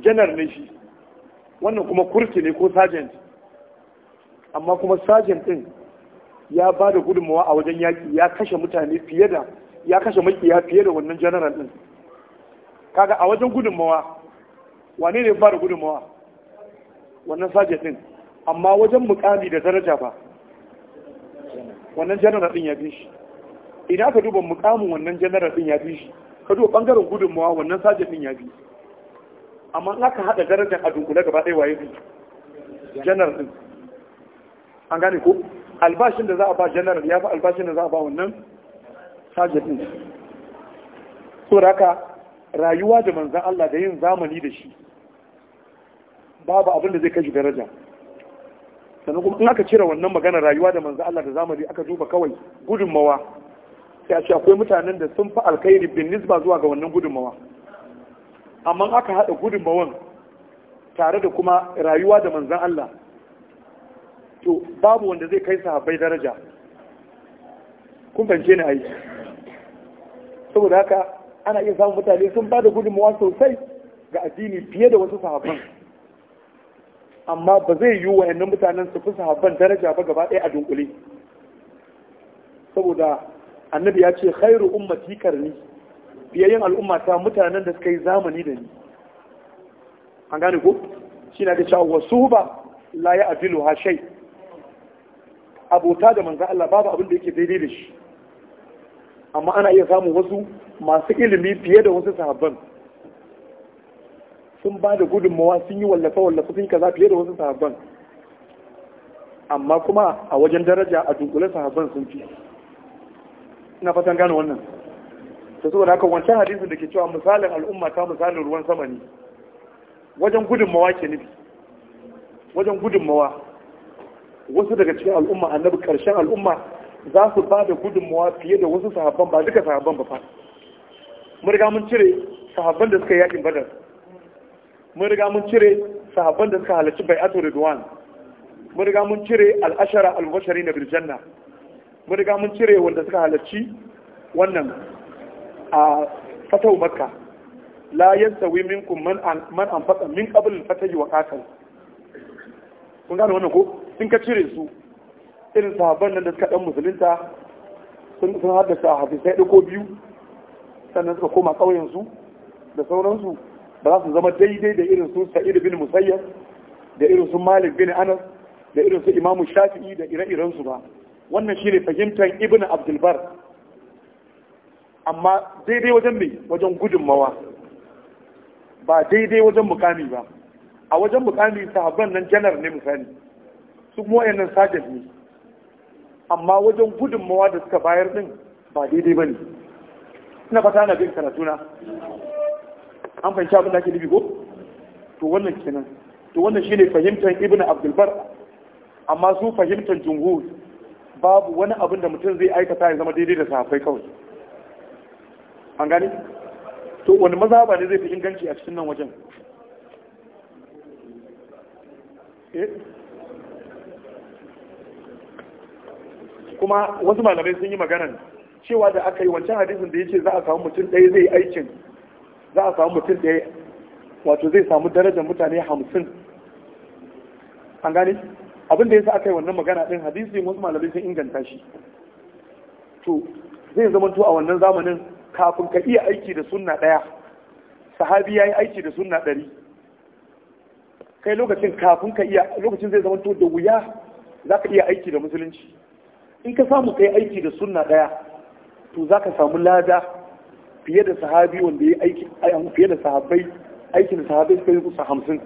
janar ne shi wannan kuma kurki ne ko sergeant amma kuma sajen din ya ba da gudunmawa a wajen yaƙi ya kashe mutane fiye da ya kashe makiya fiye da wannan general din kaga a wajen gudunmawa wane ne ba da gudunmawa wannan sajen din amma wajen mukami da daraja ba wannan general din ya bi shi idan aka duba mukamin wannan general din ya bi shi ka duba bangaren gudunmawa wannan sajen din ya bi amma in aka haɗa darajar a dunkule gaba ɗaya waye bi general din an gane ko albashin da za a ba general ya fi albashin da za a ba wannan sajid din so rayuwa da manzan Allah da yin zamani da shi babu abin da zai kashi daraja sannan kuma in aka cire wannan magana rayuwa da manzan Allah da zamani aka duba kawai gudunmawa sai a ce akwai mutanen da sun fi alkhairi bin nisba zuwa ga wannan gudunmawa amma aka haɗa gudunmawan tare da kuma rayuwa da manzan Allah to babu wanda zai kai sahabbai daraja kun fahimce ni ai saboda haka ana iya samun mutane sun ba da gudunmawa sosai ga addini fiye da wasu sahabban amma ba zai yiwu wayannan mutanen su fi sahabban daraja ba gaba ɗaya a dunkule saboda annabi ya ce khairu ummati karni biyayyen al'umma ta mutanen da suka yi zamani da ni an gane ko shi na ga cewa wasu ba la ya adilu ha shai abota da manzan Allah babu abin da yake daidai da shi amma ana iya samun wasu masu ilimi fiye da wasu sahabban sun ba da gudunmawa sun yi wallafa wallafa sun yi kaza fiye da wasu sahabban amma kuma a wajen daraja a dunkule sahabban sun fi ina fatan gane wannan ta so da haka wancan hadisin da ke cewa misalin al'umma ta misalin ruwan sama ne wajen gudunmawa ke nufi wajen gudunmawa wasu daga cikin al'umma annabi karshen al'umma za su ba da gudunmuwa fiye da wasu sahabban ba duka sahabban ba fa mun riga mun cire sahabban da suka yaƙin badar mun riga mun cire sahabban da suka halarci bai'atu ridwan mun riga mun cire al'ashara al-bashari na birjanna mun riga mun cire wanda suka halarci wannan a fatau makka la yansawi minkum man an man fata min qabl al-fatahi wa qatal kun gane wannan ko in ka cire su irin sahabban nan da suka dan musulunta sun sun haddasa sai ɗauko biyu sannan suka koma kauyen su da sauransu ba za su zama daidai da irin su sa'id bin musayyab da irin su malik bin anas da irin su imamu shafi'i da ire-iren ba wannan shine fahimtar Ibn abdulbar amma daidai wajen mai wajen gudunmawa ba daidai wajen mukami ba a wajen mukami sahabban nan janar ne misali su kuma wayannan sajad ne amma wajen gudunmawa da suka bayar din ba daidai ba ne ina fata na bin karatuna an fahimci abin da ake nufi ko to wannan kenan to wannan shine fahimtar ibnu abdulbar amma su fahimtar jumhur babu wani abin da mutum zai aikata ya zama daidai da sahabbai kawai an gane to wani mazhaba ne zai fi inganci a cikin nan wajen eh? kuma wasu malamai sun yi maganan cewa da aka yi wancan hadisin da ya ce za a samu mutum ɗaya zai aikin za a samu mutum ɗaya wato zai samu darajar mutane hamsin an gane abin da ya sa aka yi wannan magana ɗin hadisi wasu malamai sun inganta shi to zai to a wannan zamanin kafin ka iya aiki da sunna ɗaya sahabi ya yi aiki da sunna ɗari kai lokacin kafin ka iya lokacin zai to da wuya za ka iya aiki da musulunci in ka samu kai aiki da sunna daya to za ka samu lada fiye da sahabi wanda ya aiki fiye da sahabbai aikin da sahabbai suka yi kusa hamsin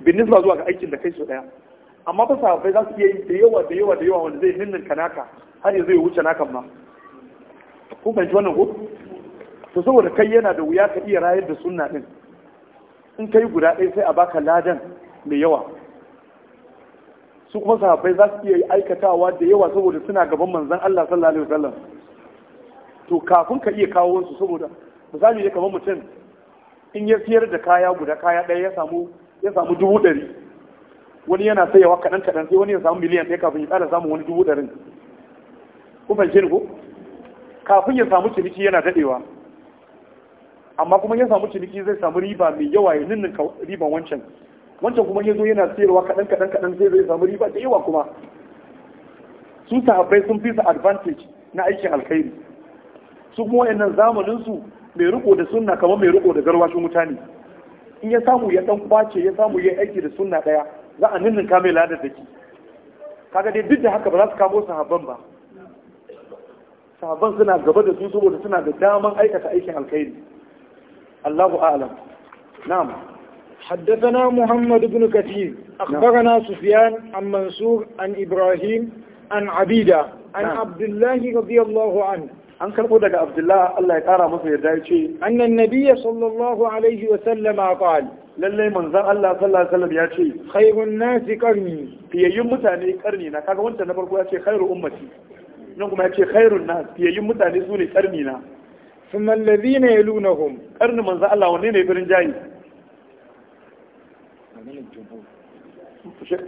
bin nisba zuwa ga aikin da kai sau daya amma ba sahabbai za su iya yi da yawa da yawa da yawa wanda zai ninnin ka naka har yanzu ya wuce nakan ma ko ban ji wannan ko to saboda kai yana da wuya ka iya rayar da sunna din in kai guda ɗaya sai a baka ladan mai yawa su kuma sahabbai za su iya aikatawa da yawa saboda suna gaban manzan Allah sallallahu alaihi wasallam to kafin ka iya kawo wansu saboda misali ne kamar mutum in ya siyar da kaya guda kaya ɗaya ya samu ya samu dubu ɗari wani yana sayawa kaɗan kaɗan sai wani ya samu miliyan ɗaya kafin ya ƙara samun wani dubu ɗarin ku fahimce ko kafin ya samu ciniki yana daɗewa amma kuma ya samu ciniki zai samu riba mai yawa ya ninninka riban wancan wancan kuma yazo yana sayarwa kaɗan kaɗan kaɗan zai zai samu riba da yawa kuma su sahabbai sun fi advantage na aikin alkhairi su kuma wayannan zamanin su mai riko da sunna kamar mai riko da garwashin mutane in ya samu ya dan kwace ya samu ya aiki da sunna daya za a ninnin mai ladar da ki kaga dai duk da haka ba za su kamo sahabban ba sahabban suna gaba da su saboda suna da daman aikata aikin alkhairi Allahu a'lam na'am حدثنا محمد بن كثير أخبرنا سفيان عن منصور عن إبراهيم عن عبيدة عن عبد الله رضي الله عنه an karɓo daga abdullah Allah ya ƙara masa yarda ya ce annan nabiyya sallallahu alaihi wa sallam lallai manzan Allah sallallahu alaihi wasallam ya ce khairun nasi qarni fiyayyun mutane qarni na kaga wanda na farko ya ce khairu ummati nan kuma ya ce khairun nas fiyayyun mutane su qarni na thumma alladhina yalunahum qarni manzon Allah wanne ne birin jayi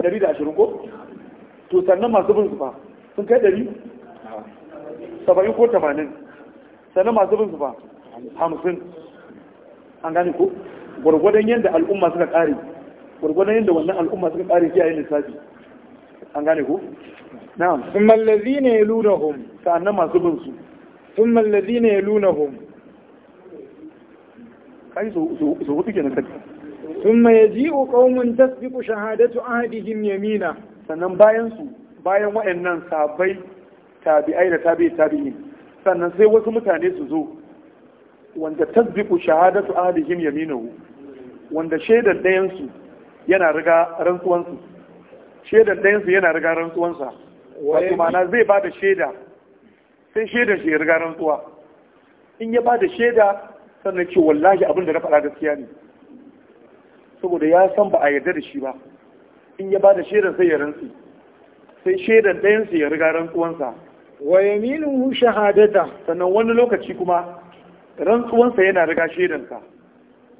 ɗari da ashirin ko to sannan masu bin su fa sun kai dari saba'in ko tamanin sannan masu bin su fa hamsin an gane ko gwargwadon yadda al'umma suka kare, gwargwadon yadda wannan al'umma suka kare shi a yin lissafi an gane ko na'am ya allazina hom sannan masu bin su thumma allazina yalunahum kai su su hudu kenan kai ثم يجيء قوم تسبق شهادة أحدهم يمينا sannan bayan su bayan waɗannan sabai tabi'ai da tabi'i tabi'in sannan sai wasu mutane su zo wanda tasbiqu shahadatu ahadihim yaminahu wanda shaidar dayan su yana riga rantsuwan su shaidar dayan su yana riga rantsuwan sa wato ma'ana zai ba da shaida sai shaidar shi ya riga rantsuwa in ya ba da shaida sannan ce wallahi abin da na faɗa gaskiya ne saboda ya san ba a yarda da shi ba in ya ba da shaidar sai ya rantsi sai shaidar ɗayansa ya riga rantsuwansa wa yaminu shahadata sannan wani lokaci kuma rantsuwansa yana riga shaidansa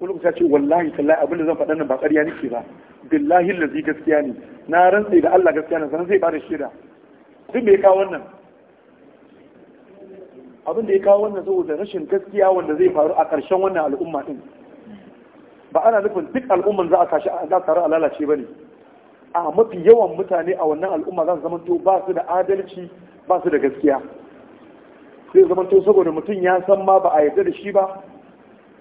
wani lokaci ce wallahi tallahi abin da zan faɗa nan ba ƙarya nake ba billahi lazi gaskiya ne na rantsi da Allah gaskiya ne sannan zai ba da shaida duk me ya kawo wannan abin da ya kawo wannan saboda rashin gaskiya wanda zai faru a ƙarshen wannan al'umma din ba ana nufin duk al'umman za a kashi za a lalace ba ne a mafi yawan mutane a wannan al'umma za su to ba su da adalci ba su da gaskiya sai zamanto saboda mutum ya san ma ba a yarda da shi ba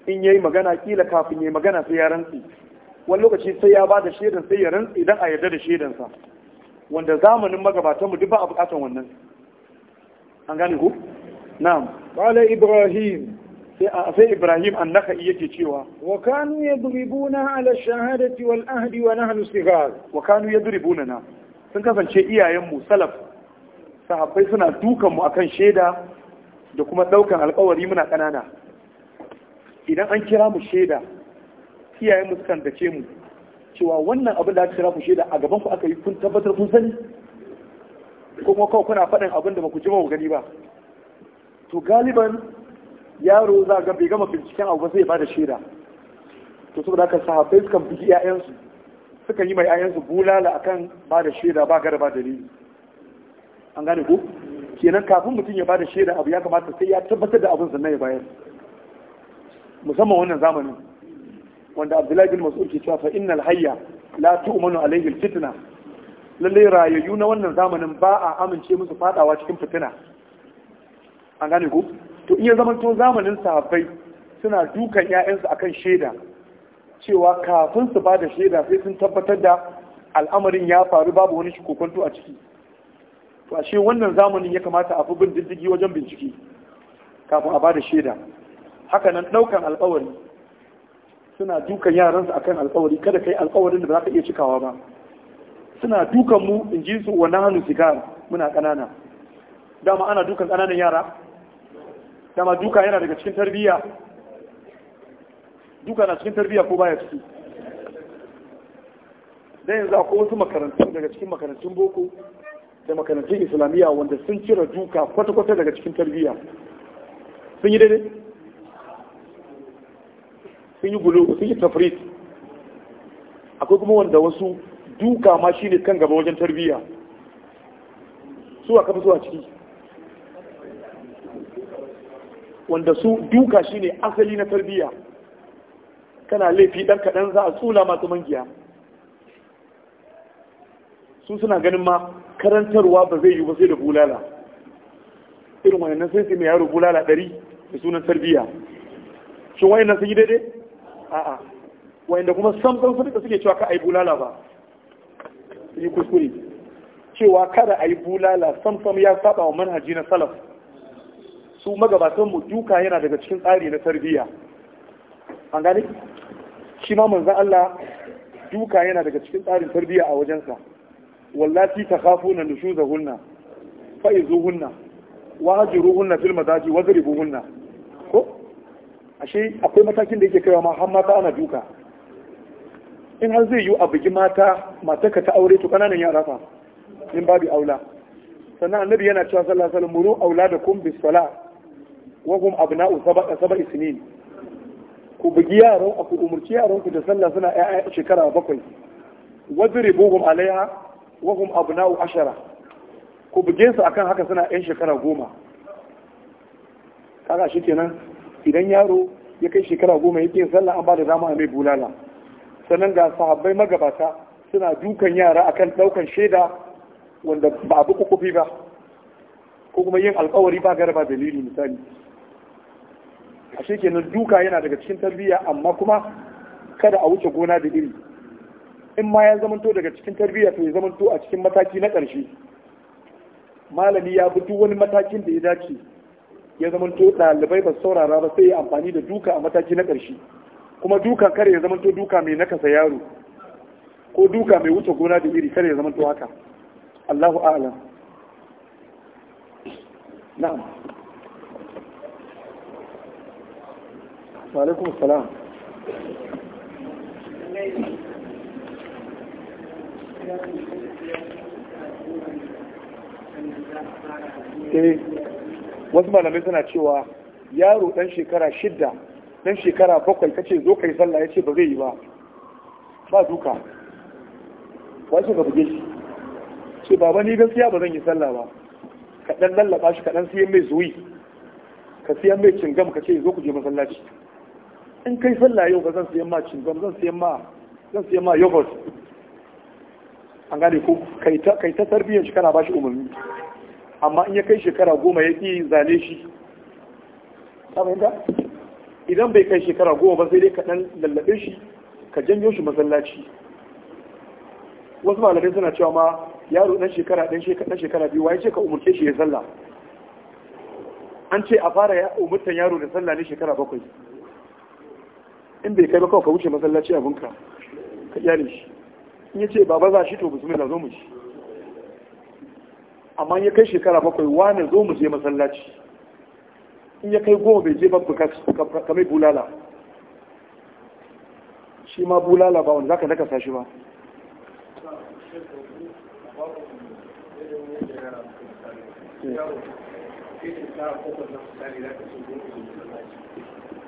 in yayi magana kila kafin yayi magana sai ya rantsi wani lokaci sai ya ba da shaidan sai ya rantsi idan a yarda da shaidansa wanda zamanin magabatan mu duk ba a bukatan wannan an gane ku na'am qala ibrahim sai Ibrahim annaka'i yake cewa wa kanu yadribuna ala shahadati wal ahdi wa nahnu sigar wa kanu yadribuna na sun kasance iyayen mu salaf sahabbai suna dukan mu akan sheda da kuma daukan alƙawari muna kanana idan an kira mu sheda iyayen mu sukan dace mu cewa wannan abin da aka kira ku sheda a gaban ku aka yi kun tabbatar kun sani kuma kawai kuna faɗin abin da ba ku ji ba gani ba to galiban yaro za ga bai gama binciken abu ba zai bada shaida to saboda haka sahabbai sukan bugi ƴaƴansu sukan yi mai ƴaƴansu bulala akan bada shaida ba gara ba dalili an gane ko kenan kafin mutum ya bada shaida abu ya kamata sai ya tabbatar da abin sannan ya bayar musamman wannan zamanin wanda Abdullahi bin Mas'ud ke cewa fa innal hayya la tu'manu alayhi alfitna lalle rayayyu na wannan zamanin ba a amince musu fadawa cikin fitina an gane ku to iya zaman to zamanin safai suna dukan 'ya'yansu akan shaida cewa kafin su bada shaida sai sun tabbatar da al'amarin ya faru babu wani kokonto a ciki to ashe wannan zamanin ya kamata a fi bin diddigi wajen bincike kafin a bada shaida haka nan ɗaukan alƙawari suna dukan yaransu akan alƙawari kada kai alƙawarin da za ka iya cikawa ba suna dukan mu in ji su wa hannu sigar muna ƙanana dama ana dukan ƙananan yara dama duka yana daga cikin tarbiyya duka na cikin tarbiyya ko baya ciki dan yanzu akwai wasu makarantun daga cikin makarantun boko da makarantun islamiyya wanda sun cire duka kwata-kwata daga cikin tarbiyya sun yi daidai sun yi gulo sun yi tafrit akwai kuma wanda wasu duka ma shine kan gaba wajen tarbiyya su a kafa a ciki wanda su duka shine asali na tarbiyya kana laifi dan kaɗan za a tsula masu mangiya su suna ganin ma karantarwa ba zai yi ba sai da bulala irin wayannan sai su mai yaro bulala ɗari da sunan tarbiyya shin wayannan sun yi daidai a'a wayanda kuma sam san sun suke cewa ka ai bulala ba yi kuskure cewa kada ai bulala sam sam ya saba wa manhaji na salaf su magabatan mu duka yana daga cikin tsari na tarbiyya an gane shi ma manzo Allah duka yana daga cikin tsarin tarbiyya a wajensa shuza-hunna, takhafuna nushuzahunna hunna wa hunna fil madaji wa hunna ko ashe akwai matakin da yake kaiwa ma har mata ana duka in har zai yi a bugi mata ka ta aure to kananan yara fa in babu aula sannan annabi yana cewa sallallahu alaihi wasallam muru auladakum bis salat wahum abna'u saba sinin ku bugi yaron ku umurci yaron ku da sallah suna ƴaƴa shekara bakwai wadribuhum alaiha wahum abna'u ashara ku buge su akan haka suna ƴan shekara goma kaga kenan idan yaro ya kai shekara goma yake yin sallah an ba da dama a mai bulala sannan ga sahabbai magabata suna dukan yara akan daukan shaida wanda ba abu kukufi ba ko kuma yin alkawari ba gara ba dalili misali a nan duka yana daga cikin tarbiyya amma kuma kada a wuce gona da iri in ma ya zamanto daga cikin tarbiyya to ya zamanto a cikin mataki na ƙarshe malami ya bi duk wani matakin da ya dace ya zamanto ɗalibai ba saurara ba sai ya amfani da duka a mataki na ƙarshe kuma dukan kare ya zamanto duka mai nakasa yaro ko duka mai wuce gona da iri kare ya zamanto haka Allahu a'lam na'am وعليكم السلام eh wasu malamai suna cewa yaro dan shekara shidda dan shekara bakwai ka ce zo kai sallah ya ce ba zai yi ba ba duka wace ka buge shi ce baba ni gaskiya ba zan yi sallah ba ka dan lallaba shi ka dan siyan mai zuwi ka siyan mai cingam ka ce zo ku je masallaci in kai sallah yau ba zan siyan ma cin zan siyan ma zan siyan ma yogurt an gane ko kai ta kai ta tarbiyyar shi kana bashi umarni amma in ya kai shekara goma ya ƙi zane shi ta fahimta idan bai kai shekara goma ba sai dai ka ɗan lallaɓe shi ka janyo shi masallaci wasu malamai suna cewa ma yaro ɗan shekara ɗan shekara biyu waye ce ka umurce shi ya sallah an ce a fara umurtan yaro da sallah ne shekara bakwai in bai kai ba kawai ka wuce masallaci abinka ka iyale shi in ya ce ba za shi to bismillah zo mu ci amma ya kai shekara bakwai wane zo mu je masallaci in ya kai goma bai je ba ka mai bulala shi ma bulala ba wanda zaka nakasa shi ba Yeah.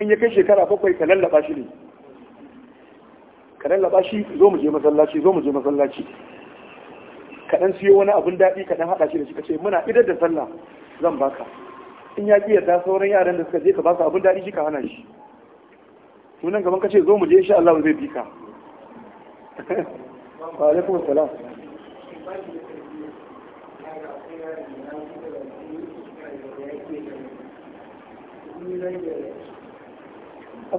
in ya kai shekara bakwai ka lallaba shi ne ka lallaba shi zo mu je masallaci zo mu je masallaci ka dan siyo wani abin daɗi ka dan haɗa shi da shi ka ce muna idar da sallah zan baka in ya ki yarda sauran yaran da suka je ka ba su abin daɗi shi ka hana shi sunan gaban ka ce zo mu je insha Allah zai bi ka wa alaikum salam Thank you.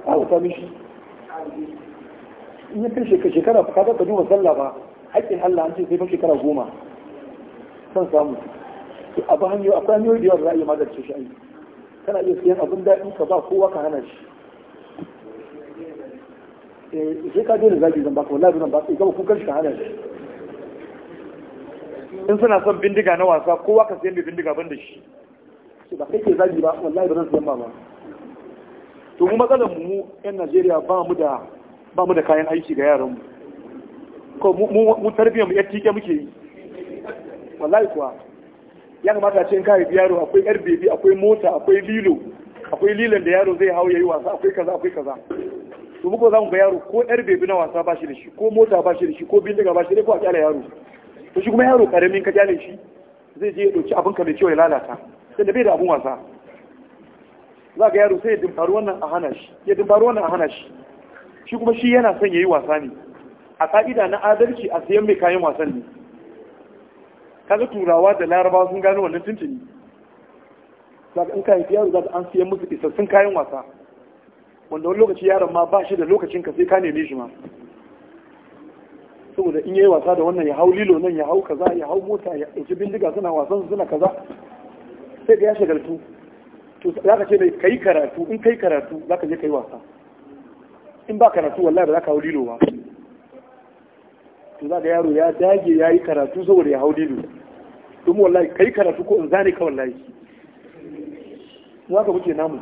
ka tsawata mishi in ya kai shekara ka ga ka duba sallah ba haƙƙin Allah an ce sai fa shekara goma san samu abu hanyoyi akwai hanyoyi da yawa za a iya magance shi ai kana iya siyan abin daɗin ka ba kowa ka hana shi eh, sai ka daina zagi zan baka wallahi zan baka gaba kukan shi ka hana shi in suna son bindiga na wasa kowa ka siyan mai bindiga ban da shi ba kai ke zagi ba wallahi ba zan siyan ba ba to matsalar mu yan Najeriya ba mu da kayan aiki ga yaran mu ko mu mu tarbiyyar mu yar tike muke yi wallahi kuwa ya kamata ce in kai yaro akwai yar bebi akwai mota akwai lilo akwai lilon da yaro zai hawo yayi wasa akwai kaza akwai kaza to muka za mu ga yaro ko yar bebi na wasa ba shi da shi ko mota ba shi da shi ko bindiga ba shi da ko a kyale yaro to shi kuma yaro karamin ka kyale shi zai je ya dauki abin ka mai kyau ya lalata sai da bai da abun wasa za ga yaro sai ya dimfaru wannan a hana shi ya dimfaru wannan a hana shi shi kuma shi yana son ya yi wasa ne a ƙa'ida na adalci a siyan mai kayan wasan ne kaga turawa da laraba sun gano wannan tuntuni za ka in ka haifi yaro za ka an siyan musu isassun kayan wasa wanda wani lokaci yaron ma ba shi da lokacin ka sai ka neme shi ma saboda in yayi wasa da wannan ya hau lilo nan ya hau kaza ya hau mota ya ɗauki bindiga suna wasan suna kaza sai ga ya shagaltu to za ka ce mai yi karatu in ka yi karatu za ka je yi wasa in ba karatu wallahi ba za ka hau lilo ba to za ka yaro ya dage ya yi karatu saboda ya hau lilo domin wallahi yi karatu ko in zane ka wallahi za ka muke namu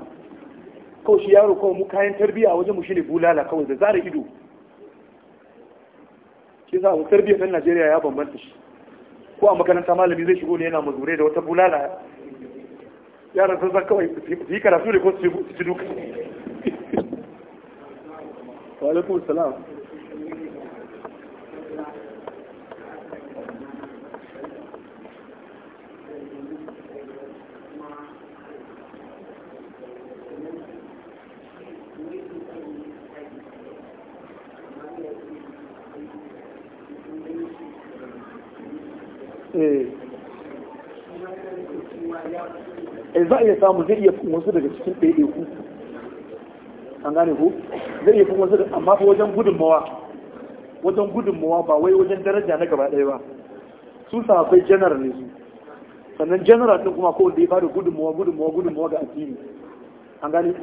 kawai shi yaro kawai mu kayan tarbiyya a wajen mu shine bulala kawai da zara ido shi za mu tarbiyyar ɗan Najeriya ya bambanta shi ko a makaranta malami zai shigo ne yana mazure da wata bulala yaran sun san kawai su yi karatu ne ko su ci duka. Wa alaikum salam. iya samu zai iya fi wasu daga cikin ɗaiɗaiku an gane ku zai iya fi wasu amma fi wajen gudunmawa wajen gudunmawa ba wai wajen daraja na gaba ɗaya ba su sahabbai general ne su sannan general ɗin kuma kowanne ya fara gudunmawa gudunmawa gudunmawa ga addini an gane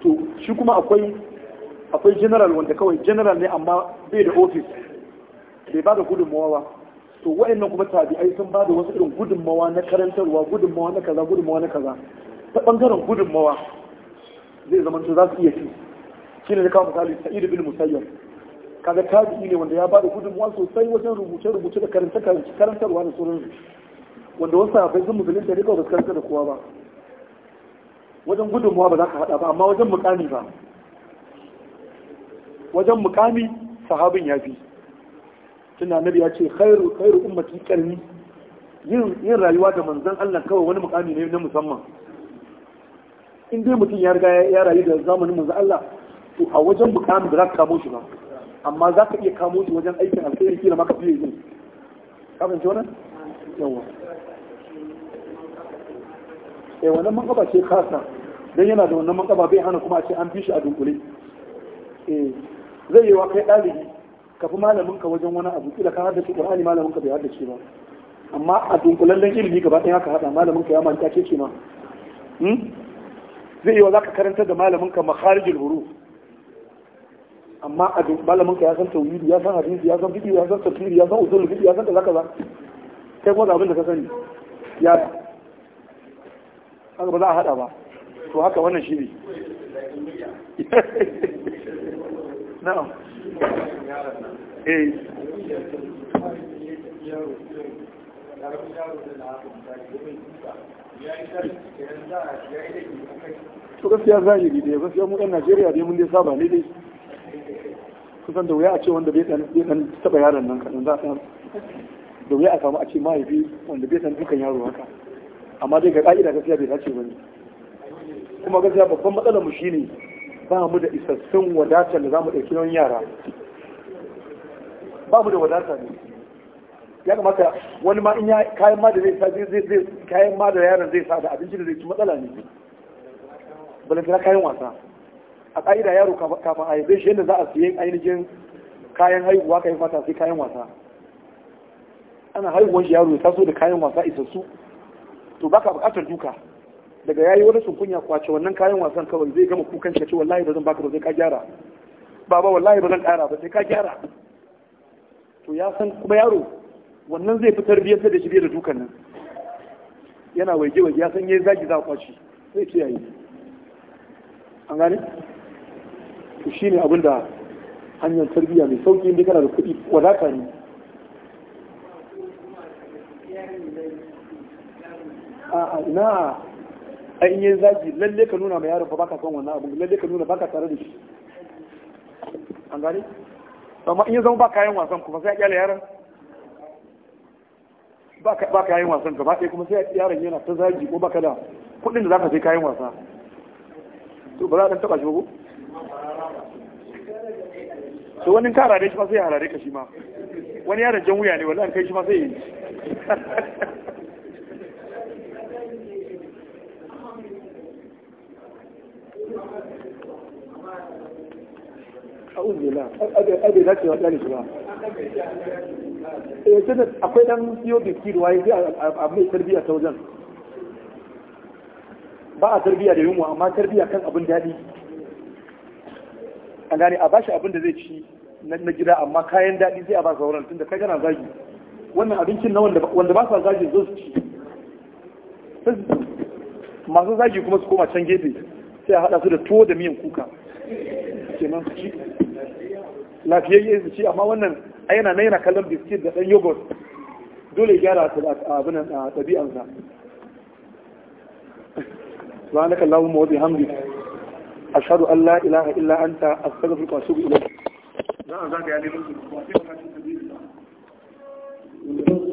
to shi kuma akwai akwai general wanda kawai general ne amma bai da office bai da gudunmawa ba to wa'annan kuma tabi'ai sun ba da wasu irin gudunmawa na karantarwa gudunmawa na kaza gudunmawa na kaza ta bangaren gudunmawa zai zama to za su iya ci ne da kawo misali sa'id bin musayyar kaga tabi'i ne wanda ya ba da gudunmawa sosai wajen rubuce rubuce da karantarwa da sauransu wanda wasu sahabbai sun musulunta ne kawai ba su karanta da kowa ba wajen gudunmawa ba za ka haɗa ba amma wajen mukami ba wajen mukami sahabin ya fi tunda nabi ya ce khairu khairu ummati karni yin yin rayuwa da manzon Allah kawai wani mukami ne na musamman in dai mutum ya riga ya rayu da zamanin manzon Allah to a wajen mukami da za ka kamo shi ba amma za ka iya kamo shi wajen aikin alkhairi kila maka fiye yin ka fahimci wannan yawa eh wannan mankaba ce kasa dan yana da wannan mankaba bai hana kuma a ce an bi shi a dunkule eh zai yi wa kai ɗalibi ka fi malamin ka wajen wani abu kila ka haddace qur'ani malamin ka bai shi ba amma a dunkulallen ilimi gaba ɗaya ka hada malamin ka ya manta ke ce ma hmm? zai yi wa zaka karanta da malamin ka makharijul huruf amma a malamin ka ya san tauhidi ya san hadisi ya san fiqh ya san tafsir ya san usul fiqh ya san kaza ba kai kuma abin da ka sani ya haka ba za a hada ba to haka wannan shi ne na'am eh to yi zahiri da gaskiya mu ɗan Najeriya dai mun dai saba ne dai kusan da wuya a ce wanda bai dan taba yaron nan kadan za a da wuya a samu a ce mahaifi wanda bai san dukan yaro haka amma dai ga ka'ida gaskiya bai dace ba ne kuma gaskiya babban matsalar mu shine ba mu da isassun wadatar da za mu ɗauki yawan yara ba mu da wadata ne ya kamata wani ma in kayan ma da zai sa zai kayan ma da yaran zai sa da abinci da zai ci matsala ne balantana kayan wasa a ƙa'ida yaro kafin a zai shi yadda za a siye ainihin kayan haihuwa kayan fata sai kayan wasa ana haihuwan shi yaro ya taso da kayan wasa isassu to baka buƙatar duka daga yayi wani sunkunya kwace wannan kayan wasan kawai zai gama kukan shi ce wallahi ba zan baka ba sai ka gyara baba wallahi ba zan kara ba sai ka gyara to ya san kuma yaro wannan zai fitar biyan da shi da dukan nan yana waje waje ya san yayi zagi za kwaci sai ce yayi an gane to shine abin da hanyar tarbiyya mai sauki inda kana da kuɗi wadata ne a'a ina ai in yayi zagi lalle ka nuna mai yaron ba baka son wannan abu lalle ka nuna baka tare da shi an gani amma in yi zama ba kayan wasan kuma sai a kyale yaron ba kayan wasan gaba ɗaya kuma sai a yaron yana ta zagi ko baka da kuɗin da zaka sai kayan wasa to ba za a ɗan taba shi ba to wani ka harare shi ma sai ya harare ka shi ma wani yaron jan wuya ne wallahi kai shi ma sai ya yi a'udhu billah abe da ce wa shi ba eh tunda akwai dan siyo bikin waye sai a mai tarbiya ta wajen ba a tarbiya da yunwa amma tarbiya kan abin daɗi an gane a bashi abin da zai ci na gida amma kayan daɗi zai a ba sauran da kai gana zagi wannan abincin na wanda ba sa zagi zo su ci masu zagi kuma su koma can gefe sai a haɗa su da tuwo da miyan kuka kenan su ci lafiyayye su ci amma wannan yana na yana kallon biskit da ɗan yogurt dole gyara su abin da ɗabi'ansa wa ana kallon mu wabi hamdi a shaɗu allah ilaha illa an ta a tsarar rikon su ilai za a zaga yanayi mutu ba sai wani su ta biyu